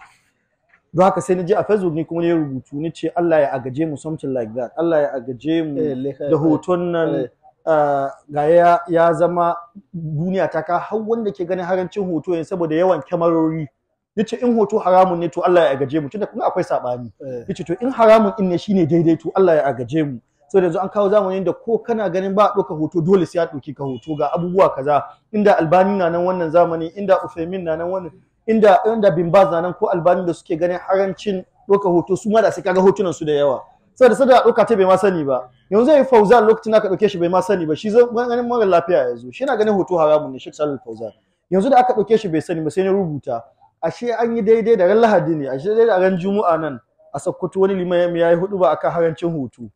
don haka sai na je a facebook ni kuma ne rubutu ni ce Allah ya agaje mu something like that Allah ya agaje mu eh, eh, da hoton eh, nan ah, ga ya zama duniya ta ka har wanda ke ganin harancin hoto yanzu saboda yawan kyamarori yace in hoto haramun ne to Allah ya agaje mu tunda kuma akwai sabani yace to in haramun in ne shine daidai to Allah ya agaje mu so yanzu an kawo zamanin da ko kana ganin ba a ɗauka hoto dole sai ya ɗauki ka hoto ga abubuwa kaza inda albani na nan wannan zamani inda ufemin na nan wannan inda inda bimbaza nan ko albani da suke ganin harancin ɗauka hoto su ma da sai kaga hotunan su da yawa saboda saboda ɗauka ta bai ma sani ba yanzu zai fauzan lokacin aka ɗauke shi bai ma sani ba shi zai ganin mara lafiya yanzu shi na ganin hoto haramun ne Sheikh Salih Fauzan yanzu da aka ɗauke shi bai sani ba sai na rubuta ashe an yi daidai da ran Lahadi ne ashe daidai da ran Juma'a nan a sakkwato wani liman ya yi hudu ba akan harancin hoto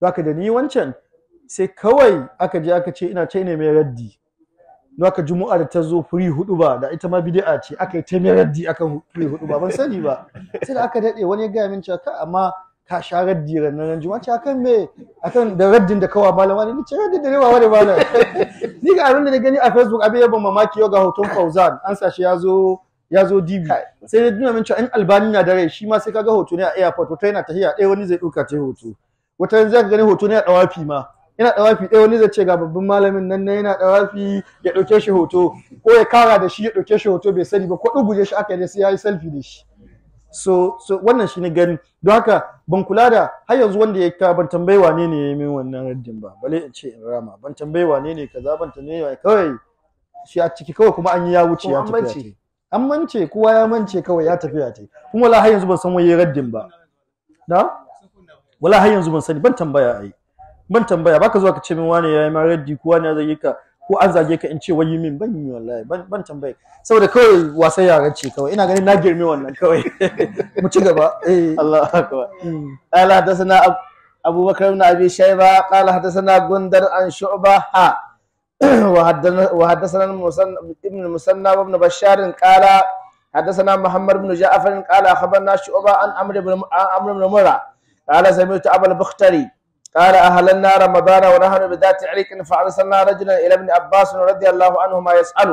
zaka da ni wancan sai kawai aka je aka ce ina ce ne mai raddi Na haka juma'a da ta zo firi hudu ba da ita ma bid'a ce aka yi ta raddi akan free hudu ba ban sani ba sai da aka dade wani ya gaya min cewa amma ka sha raddi ranar juma'a ce akan me akan da raddin da kawa malama ne ni ce raddi da ne wani malam ni ga abin da na gani a facebook abin yabon mamaki yau ga hoton fauzan an sa shi ya zo ya zo dibi sai da nuna min cewa in albani na da rai shi ma sai kaga hoto ne a airport wata yana tahiya ɗaya wani zai ɗauka ta hoto wata yanzu zaka gani hoto ne a ɗawafi ma yana dawafi ɗaya wani zai ce ga babban malamin nan na yana dawafi ya ɗauke shi hoto ko ya kara da shi ya ɗauke shi hoto bai sani ba ko ɗuguje shi aka yi sai ya yi selfie da shi so so wannan shi ne gani don haka ban kula da har yanzu wanda ya ka ban tambayi wane ne ya yi min wannan raddin ba bale in ce in rama ban tambayi wane ne kaza ban tambayi wane kawai shi a ciki kawai kuma an yi ya wuce ya tafi an mance kowa ya mance kawai ya tafi ya tafi kuma wala har yanzu ban san wani raddin ba na wala har yanzu ban sani ban tambaya ai ban tambaya baka zuwa ka ce min wani yayi ma raddi ko wani zai ka ko an zage ka in ce wayi min ban yi wallahi ban tambaye saboda kawai wasan yaran ce kawai ina ganin na girme wannan kawai mu ci gaba eh Allahu akbar mm. ala hadathana abubakar ibn abi shayba qala hadathana gundar an shu'ba ha وحدثنا ibn المثنى ibn bashar qala حدثنا محمد بن جعفر قال اخبرنا شعبه عن عمرو بن عمرو بن مره قال سمعت ابا البختري قال أهلنا رمضان ونحن بذات عليك فأرسلنا رجلا إلى ابن عباس رضي الله عنهما يسأل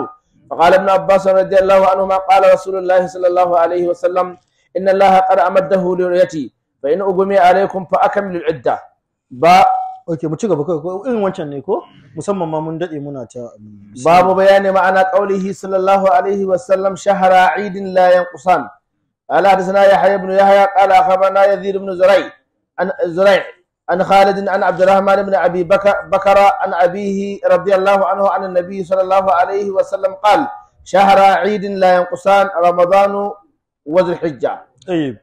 فقال ابن عباس رضي الله عنهما قال رسول الله صلى الله عليه وسلم إن الله قد أمده لرؤيتي فإن أغمي عليكم فأكمل العدة با اوكي mu ci gaba ko irin wancan ne ko musamman ma mun dade muna ta babu bayani ma'ana qaulihi sallallahu alaihi wa sallam shahra eidin la yanqusan ala hadathana yahya ibn yahya qala akhbarana عن خالد عن عبد الرحمن بن أبي بكر عن أبيه رضي الله عنه عن النبي صلى الله عليه وسلم قال شهر عيد لا ينقصان رمضان وذو الحجة طيب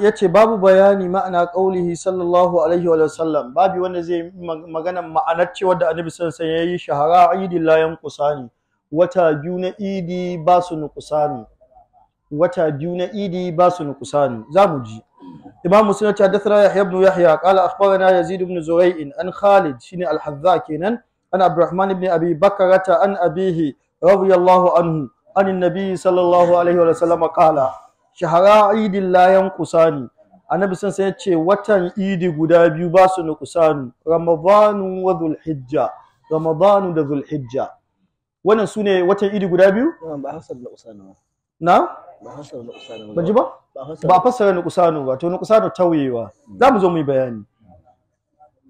yace babu bayani ma'ana qaulihi sallallahu alaihi wa sallam babu wanda zai magana ma'anar cewa da annabi sallallahu alaihi yayi shahara idi la yanqusani wata biyu na idi ba su wata zamu ji imam muslim ya ce haddathana yahya ibn yahya na akhbarana yazid ibn zurai'in an khalid shine al-hazza kenan an abdurrahman ibn abi bakarata an abihi radiyallahu anhu an annabi sallallahu alaihi wa sallam qala shahara idin la yanqusani annabi sun sai ce watan idi guda biyu ba su nuqsanu ramadanu wa dhulhijja ramadanu da dhulhijja wannan sune watan idi guda biyu na na ba fassara nuqsanu ba to nuqsanu tauyewa za mu zo mu yi bayani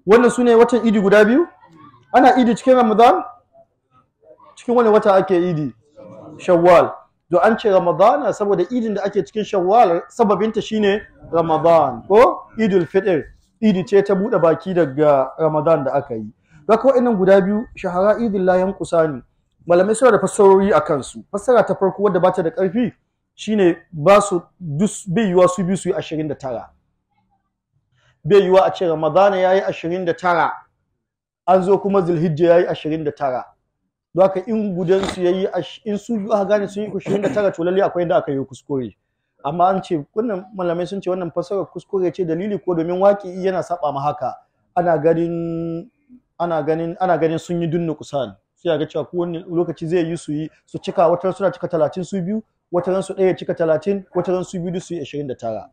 wannan sune watan idi guda biyu ana idi cikin ramadan cikin wani wata ake idi shawwal to an ce ramadana saboda idin da ake cikin shawwal sababinta shine ramadan ko idul fitr idi ce ta bude baki daga ramadan da aka yi ko wa'annan guda biyu shahara idin la yankusa ne malamai suna da fassarori a kansu fassara ta farko wadda bata da karfi shine ba su bai yiwa su bi su yi ashirin da tara bai yiwa a ce ramadana ya yi ashirin da tara an zo kuma zulhijja ya yi ashirin da tara don haka in gudansu ya yi in su aka gane sun yi ashirin da tara to lalle akwai inda aka yi kuskure amma an ce wannan malamai sun ce wannan fasarar kuskure ce dalili ko domin waƙi yana saba ma haka ana ganin ana ganin ana ganin sun yi dunnu kusan sai ga cewa kowane lokaci zai yi su yi su cika wata suna cika talatin su biyu wata ran su ɗaya cika talatin wata ran su biyu su yi ashirin da tara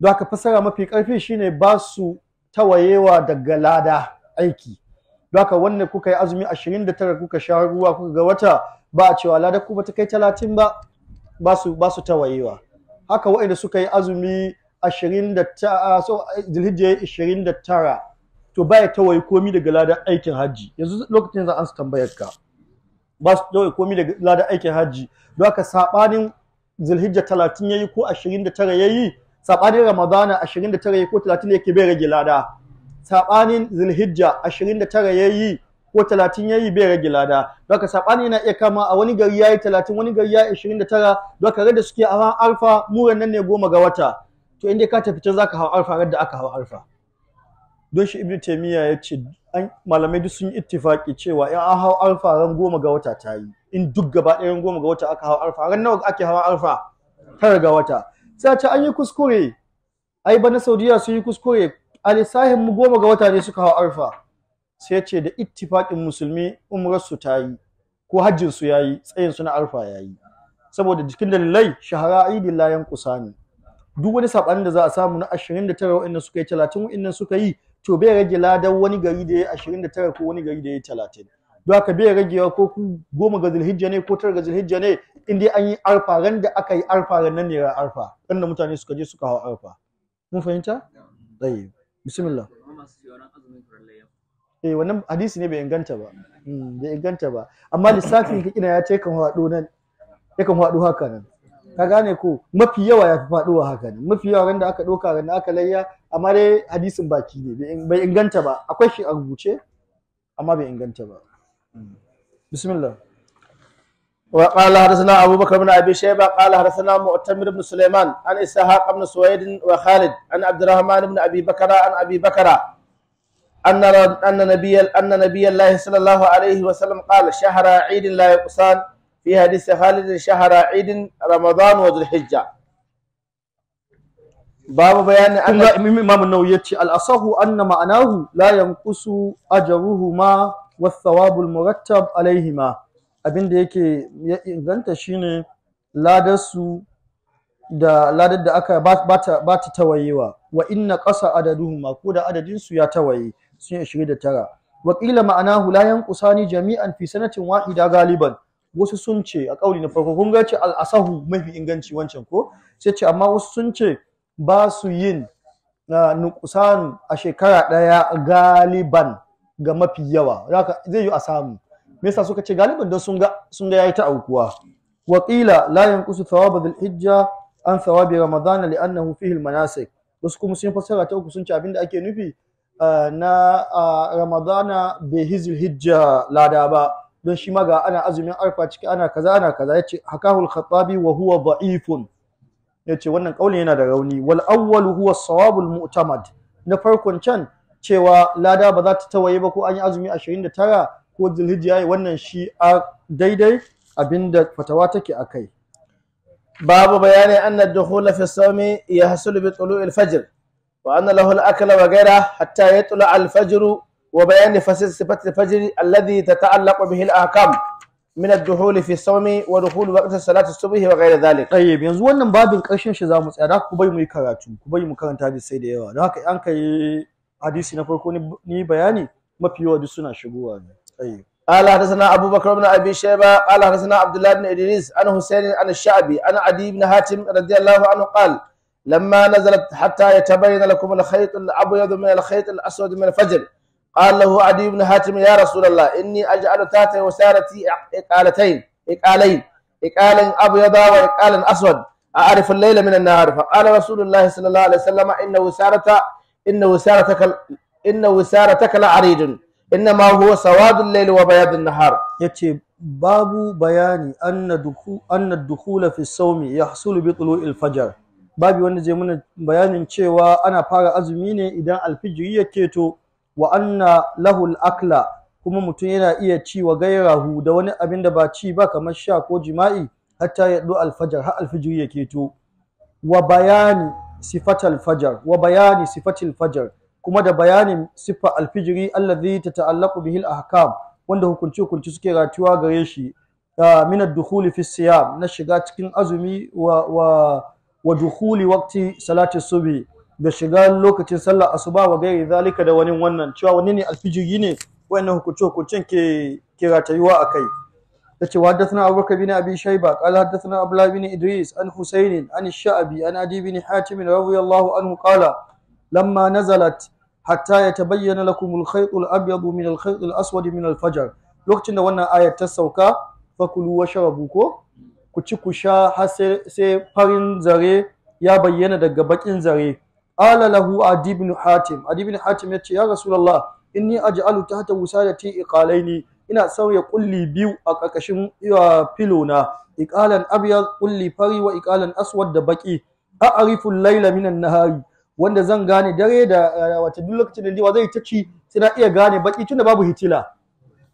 don haka fassara mafi ƙarfi shine ba su tawayewa daga lada aiki don haka wannan kuka yi azumi ashirin da tara kuka sha ruwa kuka ga wata ba a cewa lada ku ba ta kai talatin ba ba su tawayewa haka waɗanda suka yi azumi ashirin da tara so zilhijja ashirin da tara to baya tawaye komi daga ladan aikin hajji yanzu lokacin za an su tambayar ka ba su tawaye komi daga ladan aikin hajji don haka sabanin zulhijja 30 yayi ko 29 yayi sabanin ramadana 29 yayi ko 30 yake bai rage lada sabanin zulhijja 29 yayi ko talatin yayi bai rage lada haka sabanin yana iya kama a wani gari yayi talatin wani gari yayi 29 da tara rada suke a alfa muran nan ne goma ga wata to inda ka tafi can zaka hau alfa rada aka hau alfa don shi ibn taimiyya ya ce malamai duk sun yi ittifaki cewa in an hau alfa ran goma ga wata ta yi in duk gaba ɗayan goma ga wata aka hau alfa ran nawa ake hau alfa tara ga wata sai ta an yi kuskure ai bana saudiya sun yi kuskure a lissahin mu goma ga wata ne suka hau alfa sai ce da ittifakin musulmi su ta yi ko hajjinsu ya yi tsayinsu na alfa ya yi saboda jikin dalilai shahara aidin layan kusa ne duk wani saɓanin da za a samu na 29 wa'inda suka yi 30 wa'inda suka yi to bai rage ladan wani gari da ya 29 ko wani gari da ya 30 don haka bai ragewa ko ku goma ga zulhijja ne ko tara ga zulhijja ne in dai an yi arfa ran da aka yi arfa ran nan ne ran arfa ran da mutane suka je suka hawa arfa mun fahimta tsaye bismillah eh wannan hadisi ne bai inganta ba hmm, bai inganta ba amma lissafin kina ya ce kan haɗo nan ya kan haɗo haka nan ka gane ko mafi yawa ya fi faduwa haka ne mafi yawa ran da aka ɗauka ran aka layya amma dai hadisin baki ne bai inganta ba akwai shi a rubuce amma bai inganta ba bismillah وقال حدثنا أبو بكر بن أبي شيبة قال حدثنا مؤتمر بن سليمان عن إسحاق بن سويد وخالد عن عبد الرحمن بن أبي بكر عن أبي بكر أن أن نبي أن نبي الله صلى الله عليه وسلم قال شهر عيد لا يقصان في حديث خالد شهر عيد رمضان وذو الحجة باب بيان أن إمام النووي الأصح أن معناه لا ينقص أجرهما والثواب المرتب عليهما abin da yake ya inganta shine ladarsu da ladar da aka ba ta tawayewa wa inna qasa adaduhuma ko da adadin su ya tawaye sun 29 wa qila ma'anahu la yanqusani jami'an fi sanatin wahida galiban wasu sun ce a ƙauri na farko kun ga ce al-asahu mafi inganci wancan ko sai ce amma wasu sun ce ba su yin nukusan a shekara ɗaya galiban ga mafi yawa haka zai yi a samu me yasa suka ce galiban don sun ga sun ga ta aukuwa wa qila la yanqusu thawaba dhil hijja an thawabi ramadana li'annahu fihi al-manasik wasu kuma sun fassara ta uku sun abinda ake nufi na ramadana bai hijil hijja lada ba don shi ma ga ana azumin arfa ciki ana kaza ana kaza yace hakahul khattabi wa huwa da'ifun yace wannan kaulin yana da rauni wal awwal huwa sawabul mu'tamad na farkon can cewa lada ba za ta tawaye ba ko an yi azumi 29 ko zulhijja yayi wannan shi a daidai abinda fatawa take akai babu bayani anna dukhula fi sawmi yahsulu bi tulu'il fajr wa anna lahu al-akla wa ghayra hatta ya al-fajr وبيان فسير صفات الفجر الذي تتعلق به الأحكام من الدخول في الصوم ودخول وقت صلاة الصبح وغير ذلك طيب yanzu wannan babin karshen shi zamu tsaya ku bai mu karatu ku bai mu karanta hadisi sai بياني yawa don haka an kai hadisi طيب قال حدثنا ابو بكر بن ابي شيبه قال حدثنا عبد الله بن ادريس أنا حسين أنا الشعبي أنا عدي بن هاتم رضي الله عنه قال لما نزلت حتى يتبين لكم الخيط الابيض من الخيط الاسود من الفجر قال له عدي بن حاتم يا رسول الله إني أجعل تاتي وسارتي إقالتين إقالين إقال أبيض وإقال أسود أعرف الليل من النهار فقال رسول الله صلى الله عليه وسلم إن وسارة إن وسارتك إن وسارتك لعريج إنما هو سواد الليل وبياض النهار يتي باب بيان أن دخول أن الدخول في الصوم يحصل بطلوع الفجر babu wanda zai mana bayanin cewa ana fara azumi ne idan alfijiri ya keto wa anna lahul akla kuma mutum yana iya ci wa gairahu da wani abin da ba ci ba kamar sha ko jima'i hatta ya do alfajar har alfijiri yake to wa bayani sifatal fajar wa bayani sifatil fajar kuma da bayanin siffa alfijiri allazi tata'allaqu bihi ahkam wanda hukunci hukunci suke ratuwa gare shi min ad-dukhuli fi siyam na shiga cikin azumi wa wa wa dukhuli waqti salati subhi da shiga lokacin sallar asuba wa gairi zalika da wani wannan cewa wani ne alfijiri ne wayannan hukunce hukuncin ke ke ratayuwa a kai tace wa haddathana abubakar bin abi shayba qala haddathana abdullah bin idris an husayn an sha'bi an adi bin hatim radiyallahu anhu qala lamma nazalat hatta ya ta bayyana khayt al-abyad min al-khayt min alfajar. lokacin da wannan ayat ta sauka fakulu sharabu ko ku ci ku sha har sai farin zare ya bayyana daga bakin zare qala lahu adi ibn hatim adi ibn hatim yace ya rasulullah inni aj'alu tahta wusadati iqalaini ina sauya kulli biyu a ƙarƙashin filo na iqalan abyad kulli fari wa iqalan aswad da baki a'rifu al-layla nahari wanda zan gane dare da wata duk lokacin da zai ta ci sai na iya gane baki tunda babu hitila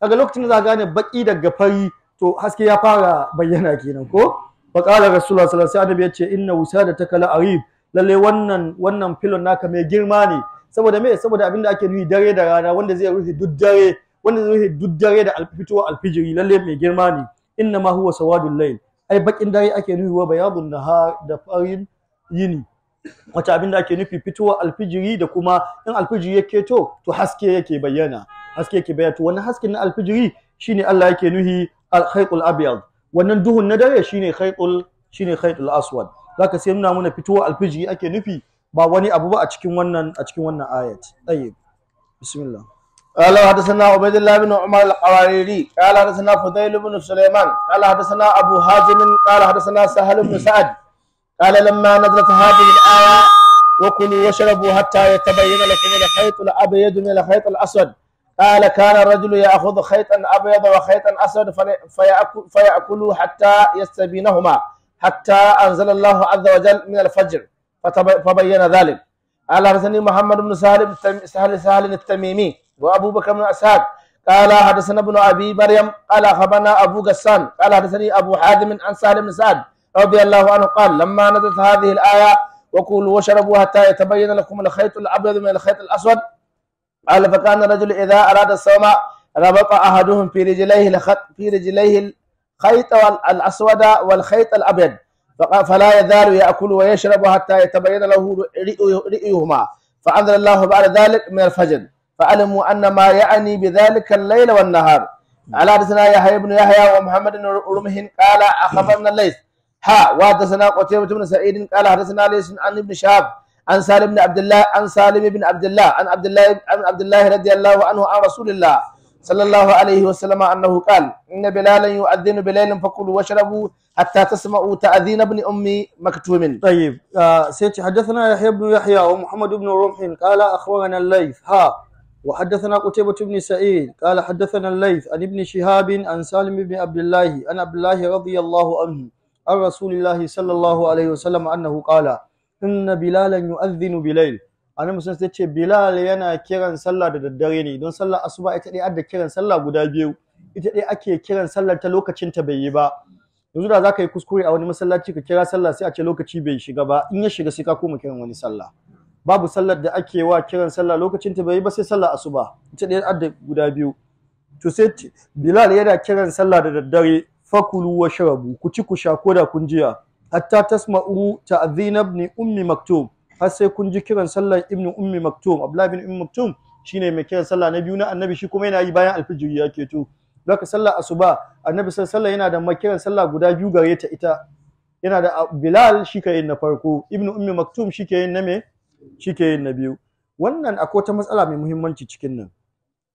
daga lokacin da za gane baki daga fari to haske ya fara bayyana kenan ko fa qala rasulullah sallallahu alaihi wasallam sai annabi ya ce inna wusadataka la arib lalle wannan wannan filon naka mai girma ne saboda me saboda abin da ake nufi dare da rana wanda zai rufe duk dare wanda zai rufe duk dare da fitowar alfijiri lalle mai girma ne inna ma huwa sawadul layl ai bakin dare ake nufi wa bayadun nahar da farin yini wata abin da ake nufi fitowa alfijiri da kuma in alfijiri ya to to haske yake bayyana haske yake bayyana to wannan hasken na alfijiri shine Allah yake nufi al khaytul abyad wannan duhun na dare shine khaytul shine khaytul aswad zaka sai nuna muna fitowa alfijiri ake nufi ba wani abu ba a cikin wannan a cikin wannan ayat tayyib bismillah قال حدثنا عبيد الله بن عمر القواريري قال حدثنا فضيل بن سليمان قال حدثنا ابو هازم قال حدثنا سهل بن سعد قال لما نزلت هذه الايه وكلوا واشربوا حتى يتبين لكم الخيط الابيض من الخيط الاسود قال كان الرجل ياخذ خيطا ابيض وخيطا اسود فيأكل, حتى يستبينهما حتى أنزل الله عز وجل من الفجر فبين ذلك قال حدثني محمد بن سهل سهل سهل التميمي وأبو بكر بن أسعد قال حدثنا ابن أبي مريم قال أخبرنا أبو غسان قال حدثني أبو حاتم عن سهل بن سعد رضي الله عنه قال لما نزلت هذه الآية وكلوا واشربوا حتى يتبين لكم الخيط الأبيض من الخيط الأسود قال فكان الرجل إذا أراد الصوم ربط أحدهم في رجليه في رجليه خيط الأسود والخيط الأبيض فلا يزال يأكل ويشرب حتى يتبين له رئيهما فأنزل الله بعد ذلك من الفجر فعلموا أن ما يعني بذلك الليل والنهار على حدثنا يحيى بن يحيى ومحمد بن رمح قال أخبرنا الليث ها وحدثنا قتيبة بن سعيد قال حدثنا ليس عن ابن شهاب عن سالم بن عبد الله عن سالم بن عبد الله عن عبد الله عن عبد الله رضي الله عنه عن رسول الله sallallahu alaihi wa sallama annahu qal inna bilalan yu'adhdhinu bilailin faqulu washrabu hatta tasma'u ta'dhin ummi maktumin tayyib uh, sayyidi hadathana yahya ibn yahya wa muhammad ibn rumh qala akhbarana na layth ha wa hadathana qutaybah ibn sa'id qala hadathana al-layth an ibn an salim ibn abdullah an abdullah radiyallahu anhu an rasulillahi sallallahu alaihi wa sallama annahu qala inna bilalan yu'adhdhinu bilail Ani sun sai ce bilal yana kiran sallah da daddare ne don sallah asuba ita dai adda kiran sallah guda biyu ita dai ake kiran sallah ta lokacin ta bai yi ba yanzu da zaka yi kuskure a wani masallaci ka kira sallah sai a ce lokaci bai shiga ba in ya shiga sai ka koma kiran wani sallah babu sallar da ake wa kiran sallah lokacin ta bai yi ba sai sallah asuba ita dai adda guda biyu to sai bilal yana kiran sallah da daddare fakulu wa sharabu ku ci ku sha koda kun jiya hatta tasma'u ta'dhin ni ummi maktub har sai kun ji kiran sallar ibnu ummi maktum abdullahi ibn ummi maktum shine mai kiran sallah na biyu na annabi shi kuma yana yi bayan alfijiri ya keto zaka sallar asuba annabi sallallahu yana da makiran sallah guda biyu gare ta ita yana da ah, bilal shi ke yin na farko ibnu ummi maktum shi ke yin na me shi ke yin na biyu wannan akwai wata matsala mai muhimmanci cikin nan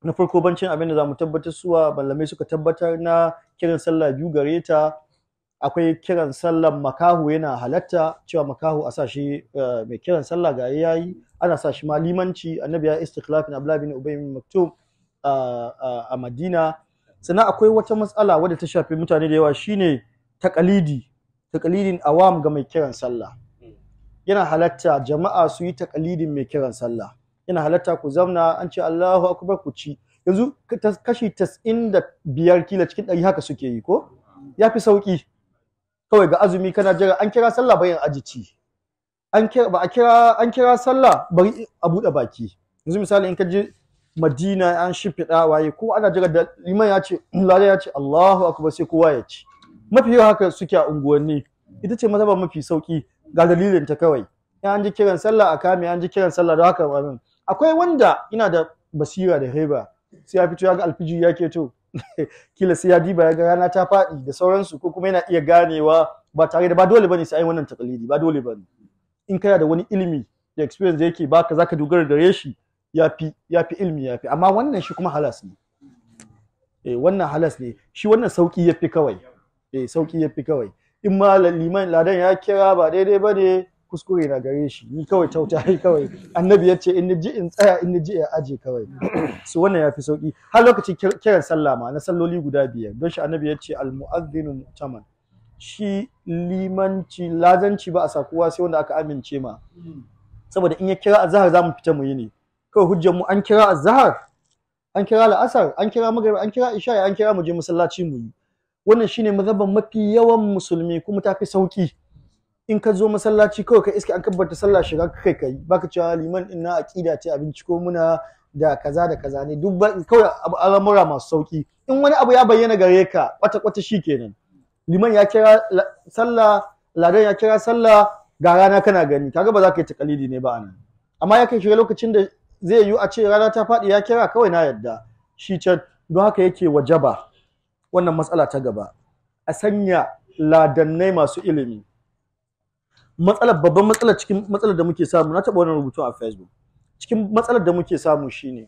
na farko bancin abin da zamu tabbatar suwa ballame suka tabbatar na kiran sallah biyu gare ta akwai kiran sallan makahu yana halatta cewa makahu a sa shi eh, mai kiran sallah ga yayi ana sa shi ma limanci annabi ya istikhlafin na bin ubay bin maktum a madina sannan akwai wata matsala wadda ta shafi mutane da yawa shine takalidi takalidin awam ga mai kiran sallah yana halatta jama'a su yi takalidin mai kiran sallah yana halatta ku zamna an ce Allahu akbar ku ci yanzu kashi 95 kila cikin ɗari haka suke yi ko ya fi sauki kawai ga azumi kana jira an kira sallah bayan ajici an kira ba a kira an kira sallah bari a bude baki yanzu misali in ka je Madina an shifida waye ko ana jira da liman ya ce mm, lalle ya ce Allahu akbar sai kowa ya ci mafi yawa haka suke a unguwanni ita ce mazhaba mafi sauki ga dalilin ta kawai in an ji kiran sallah a kame an ji kiran sallah da haka akwai wanda ina da basira da haiba sai ya fito ya ga alfiji ya ke to kila sai ya diba ya ga rana ta faɗi da sauransu ko kuma yana iya ganewa ba tare da ba dole bane sai ai wannan taqlidi ba dole bane in kana da wani ilimi da experience da yake baka zaka dogara gare shi yafi yafi ilimi yafi amma wannan shi kuma halas ne eh wannan halas ne shi wannan sauki yafi kawai eh sauki yafi kawai in ma liman ladan ya kira ba daidai bane kuskure na gare shi ni kawai kyauta yi kawai annabi ya ce in ji in tsaya in ji ya aje kawai su wannan ya fi sauki har lokacin kiran sallah ma na salloli guda biyar don shi annabi ya ce al mu'adhdhinu mu'taman shi limanci lazanci ba a sa kowa sai wanda aka amince ma saboda in ya kira azhar zamu fita mu yi ne kawai hujjar mu an kira azhar an kira la'asar an kira magrib an kira isha an kira mu je masallaci mu yi wannan shine mazhaban mafi yawan musulmi kuma ta fi sauki in ka zo masallaci kawai ka iske an kabbata sallah shiga kai kai baka cewa liman na aqida ce abinci ko muna da kaza da kaza ne duk kawai al'amura masu sauki in wani abu ya bayyana gare ka kwata kwata kenan, liman ya kira sallah ladan ya kira sallah ga rana kana gani kaga ba za ka yi takalidi ne ba anan amma ya kai shiga lokacin da zai yiwu a ce rana ta faɗi ya kira kawai na yadda shi can don haka yake wajaba wannan matsala ta gaba a sanya ladannai masu ilimi matsalar babban matsalar cikin matsalar da muke samu na taɓa wannan rubutu a facebook cikin matsalar da muke samu shine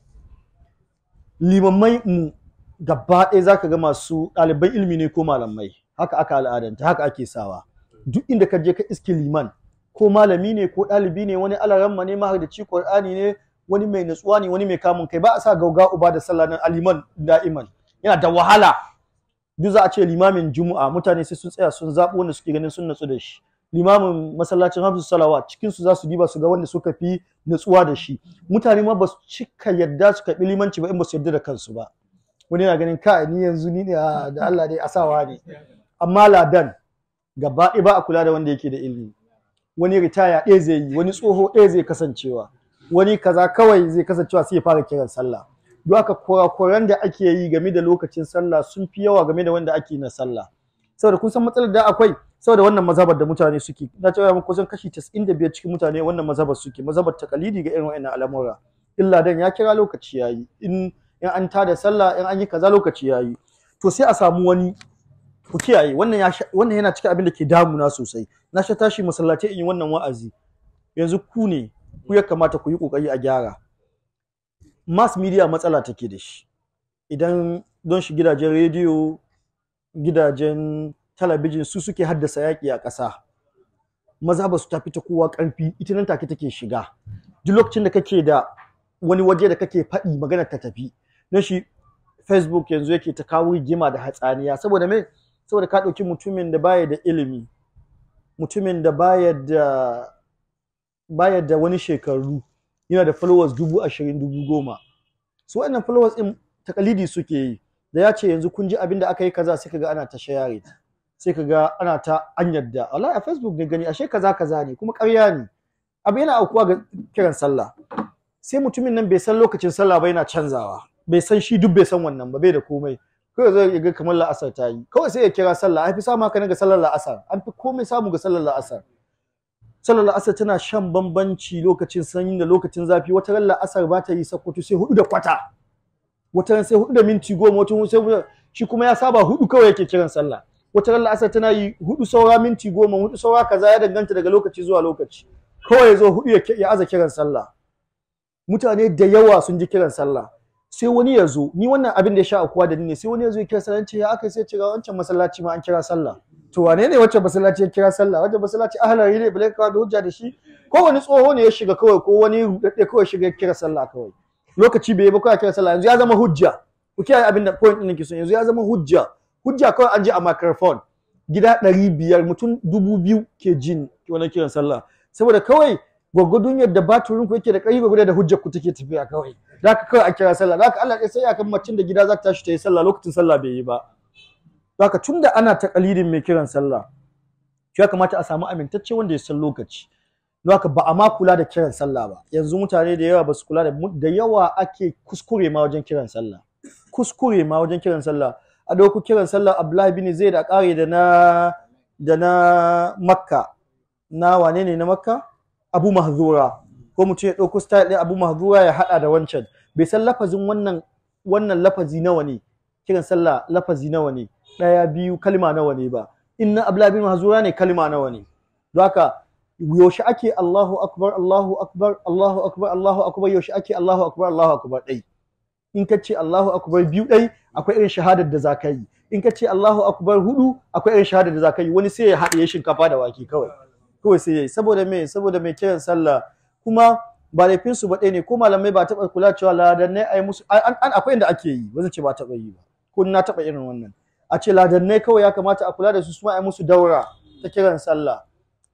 limammai mu gaba ɗaya za ka ga masu ɗalibai ilimi ne ko malamai haka aka al'adanta haka ake sawa duk inda ka je ka iske liman ko malami ne ko ɗalibi ne wani alaramma ne mahar da ci ne wani mai natsuwa ne wani mai kamun kai ba a sa gauga uba da sallah na aliman da'iman yana da wahala duk za a ce limamin juma'a mutane sai sun tsaya sun zaɓi wanda suke ganin sun natsu da shi limamin masallacin hafsu salawa cikin su za su diba su ga wanda suka fi nutsuwa da shi mutane ma ba su cika yadda su karbi limanci ba in ba su yadda da kansu ba wani yana ganin ka ni yanzu ni ne ah, da Allah dai asawa ne amma ladan gaba ɗaya ba a kula da wanda yake da ilimi wani ritaya ɗaya zai yi wani tsoho ɗaya zai kasancewa wani kaza kawai zai kasancewa sai ya fara kiran sallah don haka kurakuran da ake yi game da lokacin sallah sun fi yawa game da wanda ake na sallah saboda kun san matsalar da akwai saboda wannan mazhabar da mutane suke na cewa mun kusan kashi 95 cikin mutane wannan mazhabar suke mazhabar takalidi ga irin wa'annan al'amura illa dan ya kira lokaci yayi in in an tada sallah in an yi kaza lokaci yayi to sai a samu wani ku kiyaye wannan wannan yana cikin abin da ke damuna sosai na sha tashi masallaci in yi wannan wa'azi yanzu ku ne ku ya kamata ku yi kokari a gyara mass media matsala take da shi idan don shi gidajen rediyo gidajen talabijin su suke haddasa yaƙi a ƙasa Maza ba su ta fita kowa ƙarfi ita nan take take shiga duk lokacin da kake da wani waje da kake faɗi magana ta tafi na shi facebook yanzu yake ta kawo rigima da hatsaniya saboda me saboda ka ɗauki mutumin da baya da ilimi mutumin da baya da baya da wani shekaru yana da followers dubu ashirin dubu goma su followers ɗin takalidi suke yi da ya ce yanzu kun ji abin da aka yi kaza sai kaga ana ta share sai kaga ana ta an yadda wallahi a facebook ne gani ashe kaza kaza ne kuma ƙarya ne Abin yana aukuwa ga kiran sallah sai mutumin nan bai san lokacin sallah ba yana canzawa bai san shi duk bai san wannan ba bai da komai kawai zai ga kamar la'asar ta yi kawai sai ya kira sallah an fi samu haka ga sallar la'asar an fi komai samu ga sallar la'asar sallar la'asar tana shan bambanci lokacin sanyi da lokacin zafi wata ran la'asar ba ta yi sakkwato sai hudu da kwata wata ran sai hudu da minti goma wata sai shi kuma ya saba hudu kawai yake kiran sallah wata ran la'asar tana yi hudu saura minti goma hudu saura kaza ya danganta daga lokaci zuwa lokaci kawai ya zo hudu ya aza kiran sallah mutane da yawa sun ji kiran sallah sai wani ya zo ni wannan abin da ya sha akuwa da ni ne sai wani ya zo ya kira sallah ce ya aka sai ce ga wancan masallaci ma an kira sallah to wane ne wancan masallaci ya kira sallah wancan masallaci ahlari ne bale ka da hujja da shi ko wani tsoho ne ya shiga kawai ko wani rudadde kawai shiga ya kira sallah kawai lokaci bai ba kawai kira sallah yanzu ya zama hujja ku kiyaye abin da point ɗin ki so yanzu ya zama hujja hujja kawai an je a microphone gida ɗari biyar mutum dubu biyu ke jin wannan kiran sallah saboda kawai gwaggwadon yadda baturin ku yake da ƙarfi gwaggwadon da hujjar ku take tafiya kawai da ka kawai a kira sallah da ka Allah ya sai akan macin da gida za ta tashi ta yi sallah lokacin sallah bai yi ba da ka tunda ana ta ƙalilin mai kiran sallah ya kamata a samu amintacce wanda ya san lokaci haka ba a ma kula da kiran sallah ba yanzu mutane da yawa ba su kula da da yawa ake kuskure ma wajen kiran sallah kuskure ma wajen kiran sallah a dauku kiran sallah Abdullahi bin Zaid a kare da na da na Makka na wane ne na Makka Abu Mahzura ko mutum ya dauko style din Abu Mahzura ya hada da wancan bai san lafazin wannan wannan lafazi nawa ne kiran sallah lafazi nawa ne daya biyu kalma nawa ne ba inna Abdullahi bin Mahzura ne kalma nawa ne don haka yaushe ake Allahu akbar Allahu akbar Allahu akbar Allahu akbar yaushe ake Allahu akbar Allahu akbar dai in ka ce Allahu akbar biyu dai akwai irin shahadar da zaka yi in ka ce Allahu akbar hudu akwai irin shahadar da zaka yi wani sai ya haɗe shinkafa da wake kawai kawai sai yayi saboda me saboda me kiran sallah kuma ba laifin su ba ɗaya ne ko malamai ba taɓa kula cewa ladannai ai musu an akwai inda ake yi ba zan ce ba taɓa yi ba ko na taɓa irin wannan a ce ladannai kawai ya kamata a kula da su su ai musu daura ta kiran sallah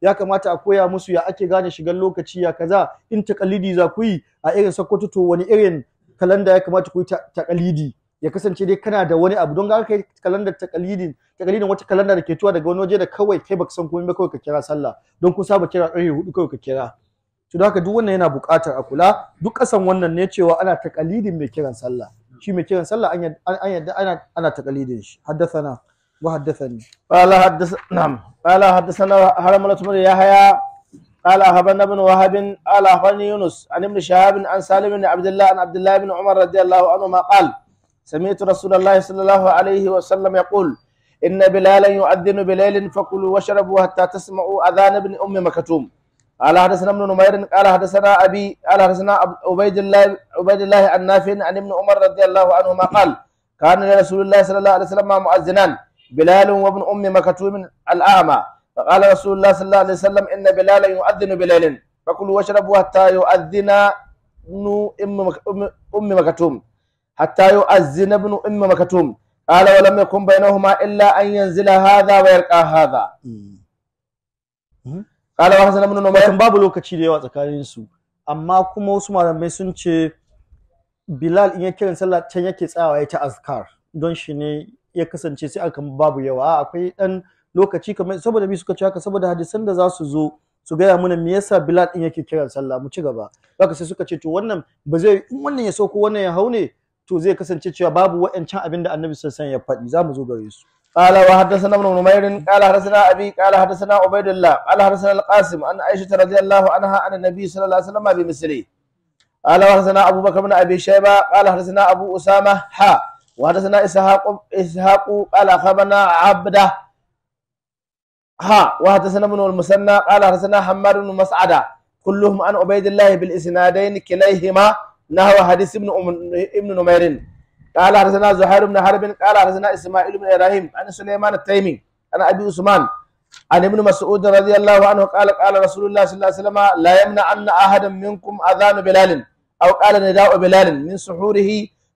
ya kamata a koya musu ya ake gane shigar lokaci ya kaza in takalidi za ku yi a irin Sokoto to wani irin kalanda ya kamata ku yi takalidi ya kasance dai kana da wani abu don ga kai kalandar takalidin takalidin wata kalanda da ke tuwa daga wani waje da kawai kai baka san komai ba kawai ka kira sallah don ku saba kira ɗari hudu kawai ka kira to da haka duk wannan yana buƙatar a kula duk ƙasan wannan ne cewa ana takalidin mai kiran sallah shi mai kiran sallah an yadda ana takalidin shi na وحدثني قال حدث نعم قال حدثنا هرملة بن يحيى قال أخبرنا ابن وهب قال أخبرني يونس عن ابن شهاب عن سالم بن عبد الله عن عبد الله بن عمر رضي الله عنهما قال سمعت رسول الله صلى الله عليه وسلم يقول إن بلالا يؤذن بليل فكلوا واشربوا حتى تسمعوا أذان ابن أم مكتوم قال حدثنا ابن نمير قال حدثنا أبي قال حدثنا عبيد الله عبيد الله النافع عن ابن عمر رضي الله عنهما قال كان لرسول الله صلى الله عليه وسلم مؤذنان بلال وابن أم مكتوم الأعمى فقال رسول الله صلى الله عليه وسلم إن بلال يؤذن بليل فكلوا واشربوا حتى يؤذن ابن أم مكتوم حتى يؤذن ابن أم مكتوم قال ولم يكن بينهما إلا أن ينزل هذا ويلقى هذا قال وحسن بن نمير babu lokaci da yawa tsakanin su amma kuma wasu malamai sun ce Bilal in ya kiran sallah can yake tsayawa ya ta azkar don ya kasance sai aka babu yawa akwai dan lokaci kamar saboda bi suka ci haka saboda hadisan da za su zo su gaya mana me yasa Bilal din yake kiran sallah mu ci gaba haka sai suka ce to wannan ba zai in wannan ya sauko wannan ya haune to zai kasance cewa babu wa'ancan abin da Annabi sallallahu alaihi wasallam ya faɗi za mu zo gare su قال وحدثنا ابن نمير قال حدثنا ابي قال حدثنا عبيد الله قال حدثنا القاسم ان عائشه رضي الله عنها عن النبي صلى الله عليه وسلم بمصري قال حدثنا ابو بكر بن ابي شيبه قال حدثنا ابو اسامه ها وحدثنا إسحاق إسحاق قال أخبرنا عبده ها وحدثنا من المسنى قال حدثنا حماد بن مسعدة كلهم عن عبيد الله بالإسنادين كليهما نحو حديث ابن ابن نمير قال حدثنا زهير بن حرب قال حدثنا إسماعيل بن إبراهيم عن سليمان التيمي عن أبي عثمان عن ابن مسعود رضي الله عنه قال قال رسول الله صلى الله عليه وسلم لا يمنع أن أحد منكم أذان بلال أو قال نداء بلال من سحوره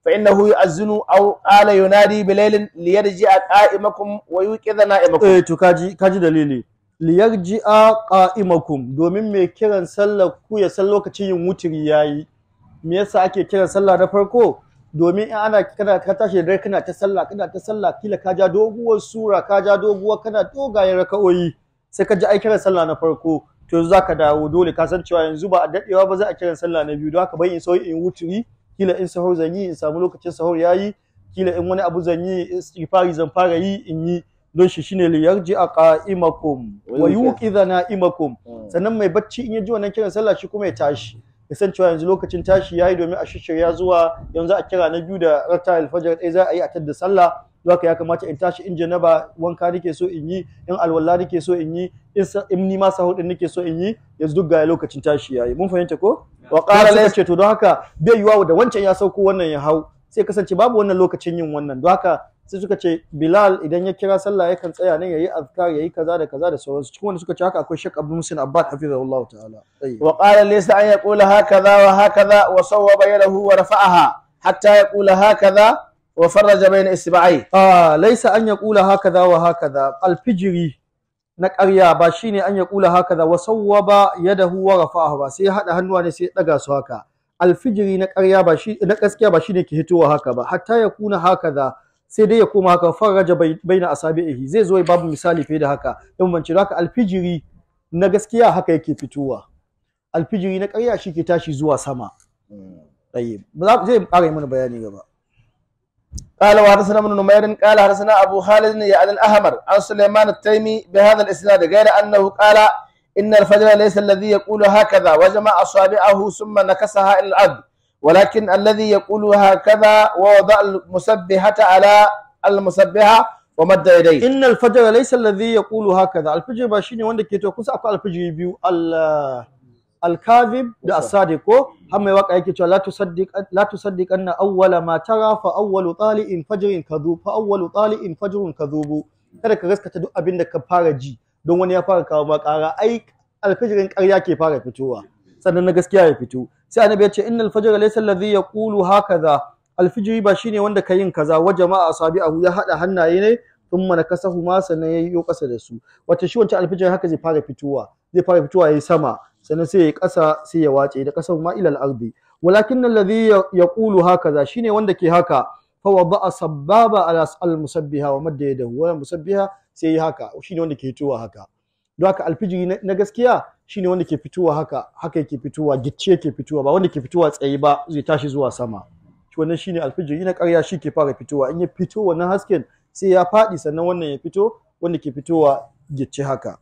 فإنه يؤذن أو قال ينادي بليل ليرجع قائمكم ويوقظ نائمكم eh, to تو كاجي dalili. دليلي liyarji'a qa'imakum domin mai kiran sallah ku ya san lokacin yin wuturi yayi me yasa ake kiran sallah na farko domin in ana kana ka tashi dare kana ta sallah kana ta sallah kila ka ja doguwar sura ka ja doguwar kana dogayen raka'o'i sai ka ji ai kiran sallah na farko to yanzu zaka dawo dole ka san cewa yanzu ba a dadewa ba za a kiran sallah na biyu don haka bai in so in wuturi? kila in sahur zan yi in samu lokacin sahur yi. kila in wani abu zan yi istighfari zan fara yi in yi don shi shine li yarji qa'imakum wa yuqidha na'imakum ah. sannan mai bacci in ya ji wannan kiran sallah shi kuma ya tashi ya san cewa yanzu lokacin tashi yayi domin a ya zuwa yanzu a kira na biyu da rata alfajar ɗaya za a yi a tadda sallah haka ya kamata in tashi in janaba wanka nake so in yi in alwala nake so in yi in ni ma sahu din nake so in yi yanzu duk ga lokacin tashi yayi mun fahimta ko wa qala la yace to don haka bai yiwa da wancan ya sauko wannan ya hau sai kasance babu wannan lokacin yin wannan don haka sai suka ce Bilal idan ya kira sallah yakan tsaya nan yayi azkar yayi kaza da kaza da sauransu cikin wanda suka ce haka akwai Sheikh Abdul Musin Abbad hafizahullah ta'ala wa qala laysa an yaqula hakaza wa hakaza wa sawwa baynahu wa rafa'aha hatta yaqula hakaza wa farraja bayna isba'ai ah laysa an yaqula hakaza wa hakaza alfijiri na ƙarya ba shine an yaqula hakaza wa sawwaba yadahu wa rafa'ahu ba sai hada hannuwa ne sai daga su haka alfijiri na ƙarya ba shi na ba shine ke hitowa haka ba hatta ya kuna hakaza sai dai ya koma haka ba. farraja baina a asabi'ihi zai zo babu misali fiye da haka in ban ciro haka alfijiri na gaskiya haka yake fitowa alfijiri na karya shi ke tashi zuwa sama ɗaya zai ƙara yi mana bayani gaba قال وحدثنا ابن نمير قال حدثنا ابو خالد يعني الاحمر عن سليمان التيمي بهذا الاسناد غير انه قال ان الفجر ليس الذي يقول هكذا وجمع اصابعه ثم نكسها الى الارض ولكن الذي يقول هكذا ووضع المسبحه على المسبحه ومد يديه ان الفجر ليس الذي يقول هكذا الفجر باشيني وندك يتوكس اكو الفجر بيو الله al da asadiko sadiq har mai waka yake cewa la tusaddiq la awwala ma tara fa awwalu tali'in fajrin kadhub fa awwalu tali'in fajrun kadhubu kada ka gaskata duk abin da ka fara ji don wani ya fara kawo makara ai alfijirin ƙarya ke fara fitowa sannan na gaskiya ya fito sai annabi ya ce innal fajra laysa alladhi yaqulu hakaza alfijiri ba shine wanda ka yin kaza wa jama'a asabi'ahu ya hada hannaye ne thumma nakasahu ma sannan yayyo kasa da su Wace shi wancan alfijiri haka zai fara fitowa zai fara fitowa yayi sama sannan sai ya kasa sai ya wace da kasan ma ilal ardi walakin alladhi yaqulu hakaza shine wanda ke haka fa wada'a sababa ala al musabbiha wa madda yadahu wa musabbiha sai yi haka shine wanda ke fitowa haka don haka alfijiri na gaskiya shine wanda ke fitowa haka haka yake fitowa gicce yake fitowa ba wanda ke fitowa tsaye ba zai tashi zuwa sama wannan shine alfijiri na karya shi ke fara fitowa in ya fito wannan hasken sai ya faɗi sannan wannan ya fito wanda ke fitowa gicce haka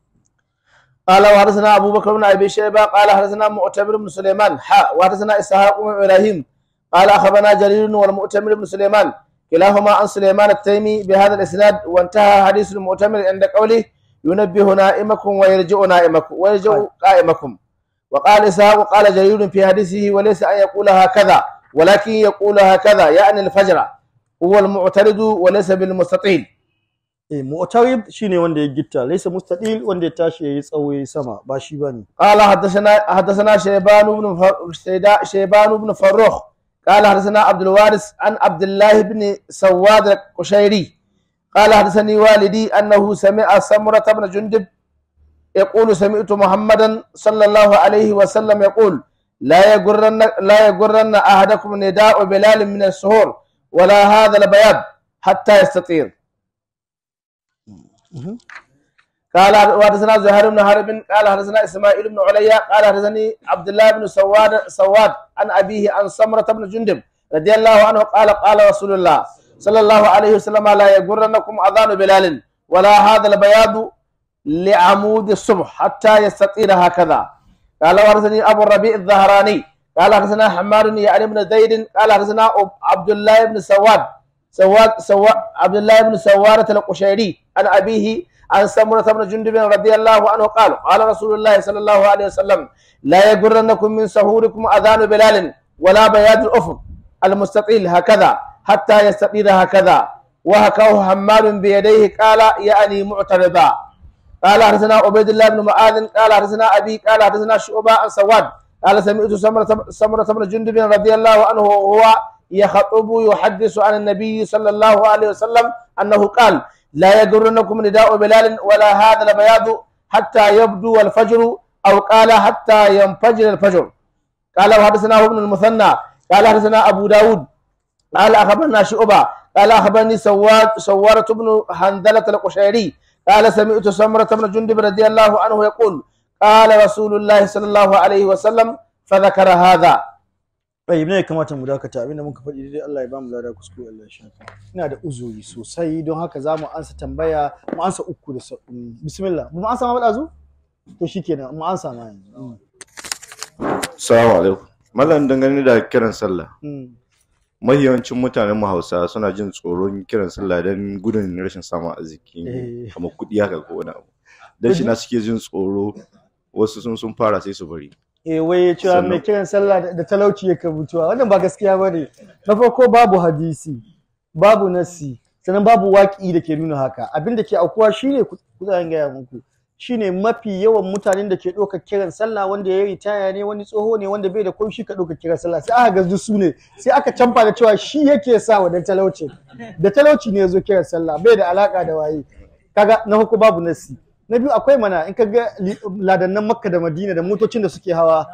قال وحدثنا أبو بكر بن أبي شيبة قال حدثنا مؤتمر بن سليمان حاء وحدثنا إسحاق بن إبراهيم قال أخبرنا جرير والمؤتمر بن سليمان كلاهما عن سليمان التيمي بهذا الإسناد وانتهى حديث المؤتمر عند قوله ينبه نائمكم ويرجع نائمكم ويرجع طيب. قائمكم وقال إسحاق قال جرير في حديثه وليس أن يقول هكذا ولكن يقول هكذا يعني الفجر هو المعترض وليس بالمستطيل Eh, mu'tarid shine wanda ya gitta laysa mustaqil wanda ya tashi yayi tsawo sama ba shi bane qala hadathana hadathana shaybanu ibn sayda shaybanu ibn farrukh qala hadathana abdul waris an abdullah ibn sawad qushairi qala hadathani walidi annahu sami'a samura ibn jundub yaqulu sami'tu muhammadan sallallahu alayhi wa sallam yaqul la yagurranna la yagurranna ahadakum nida'u bilal min as-suhur wala hadha al-bayad hatta yastatir قال حدثنا زهير بن حرب قال حدثنا اسماعيل بن عليا قال حدثني عبد الله بن سواد سواد عن ابيه عن سمره بن جندب رضي الله عنه قال قال رسول الله صلى الله عليه وسلم لا يغرنكم اذان بلال ولا هذا البياض لعمود الصبح حتى يستطيل هكذا قال حدثني ابو الربيع الظهراني قال حدثنا حمار يعني بن زيد قال حدثنا عبد الله بن سواد سواد سوا عبد الله بن سوارة القشيري عن أبيه عن سمرة بن جندب رضي الله عنه قال قال رسول الله صلى الله عليه وسلم لا يجرنكم من سهوركم أذان بلال ولا بياد الأفق المستطيل هكذا حتى يستطيل هكذا وهكاه حمال بيديه قال يعني معترضا قال حدثنا عبيد الله بن معاذ قال حدثنا أبي قال حدثنا شعبة عن سواد قال سمعت سمرة سمرة بن جندب رضي الله عنه وهو يخطب يحدث عن النبي صلى الله عليه وسلم أنه قال لا يضرنكم نداء بلال ولا هذا البياض حتى يبدو الفجر أو قال حتى ينفجر الفجر قال وحدثنا ابن المثنى قال حدثنا أبو داود قال أخبرنا شعبة قال أخبرني سوارة بن هندلة القشيري قال سمعت سمرة بن جندب رضي الله عنه يقول قال رسول الله صلى الله عليه وسلم فذكر هذا Ɗaya ne kamata mu dakata abinda muka faɗi dai Allah ya bamu lada kuskure Allah ya shafa. Ina da uzuri sosai don haka za mu ansa tambaya mu ansa uku da sabbi. Mm, bismillah. Mu ansa ma ɗazu? To shikenan mu ansa ma yanzu. Assalamu alaikum. Mallam dangane da kiran sallah. Mm. Mahiyancin mutanen mu Hausa suna jin tsoron kiran sallah don gudun rashin samun arziki eh. kamar kuɗi haka ko wani abu. Dan shi na suke jin tsoro wasu sun sun fara sai su bari. eh waye cewa mai kiran sallah da talauci ya rubutuwa wannan ba gaskiya bane na farko babu hadisi babu nasi sannan babu waƙi da ke nuna haka abin da ke aukuwa shine kudaden gaya muku shine mafi yawan mutanen da ke ɗaukar kiran sallah wanda ya ritaya ne wani tsoho ne wanda bai da ko ka ɗaukar kiran sallah sai aka gazu su ne sai aka canfa da cewa shi yake sa wa dan talauci da talauci ne ya zo kiran sallah bai da alaka da waye kaga na farko babu nasi na biyu akwai mana in ka ga ladannan makka da madina da motocin da suke hawa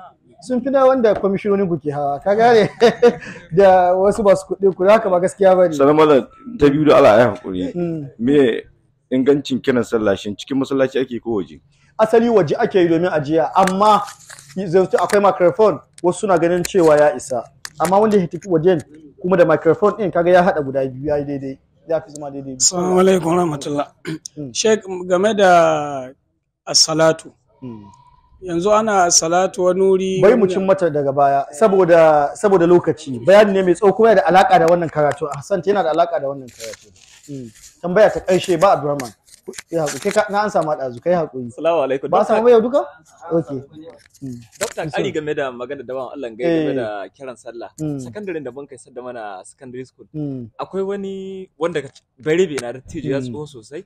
sun fi na wanda kwamishinonin ku ke hawa ka gane da wasu ba su kuɗi ku haka ba gaskiya ba ne sanar mana ta biyu da ala ya hakuri mm. me ingancin kiran sallashin cikin masallaci ake ko waje asali waje ake yi domin ajiya amma zautu akwai microphone wasu suna ganin cewa ya isa amma wanda ya tafi wajen kuma da microphone din kaga ya haɗa guda biyu ya yi daidai ya fi zama daidai alaikum rahmatullah hmm. sheik game da asalatu hmm. yanzu ana salatu wani wuri bai mu cin mata daga baya saboda saboda lokaci bayani ne mai tsawo kuma da alaka da wannan karatu Hassan yana da alaka da wannan karatu hmm. tambaya ta karshe ba Abdurrahman ya haƙuri kai na an samu ɗazu kai haƙuri salamu alaikum ba samu yau duka okay hmm. dokta kari game da magana da bawan Allah game da eh. kiran sallah hmm. sakandaren da ban kai sadda mana secondary school hmm. akwai wani wanda bare bai na da tijo ya tsoho sosai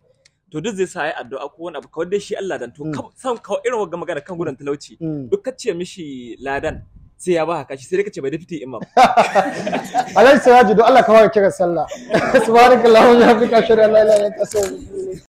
to duk zai sa yi addu'a ko wani abu kawai dai shi Allah dan to san kawai irin wannan magana kan gudan talauci duk ka ce mishi ladan sai ya ba haka shi sai dai ka ce bai dafiti imam alai siraju don Allah kawai kira sallah subhanakallahumma wa bihamdika ashhadu an la ilaha illa anta astaghfiruka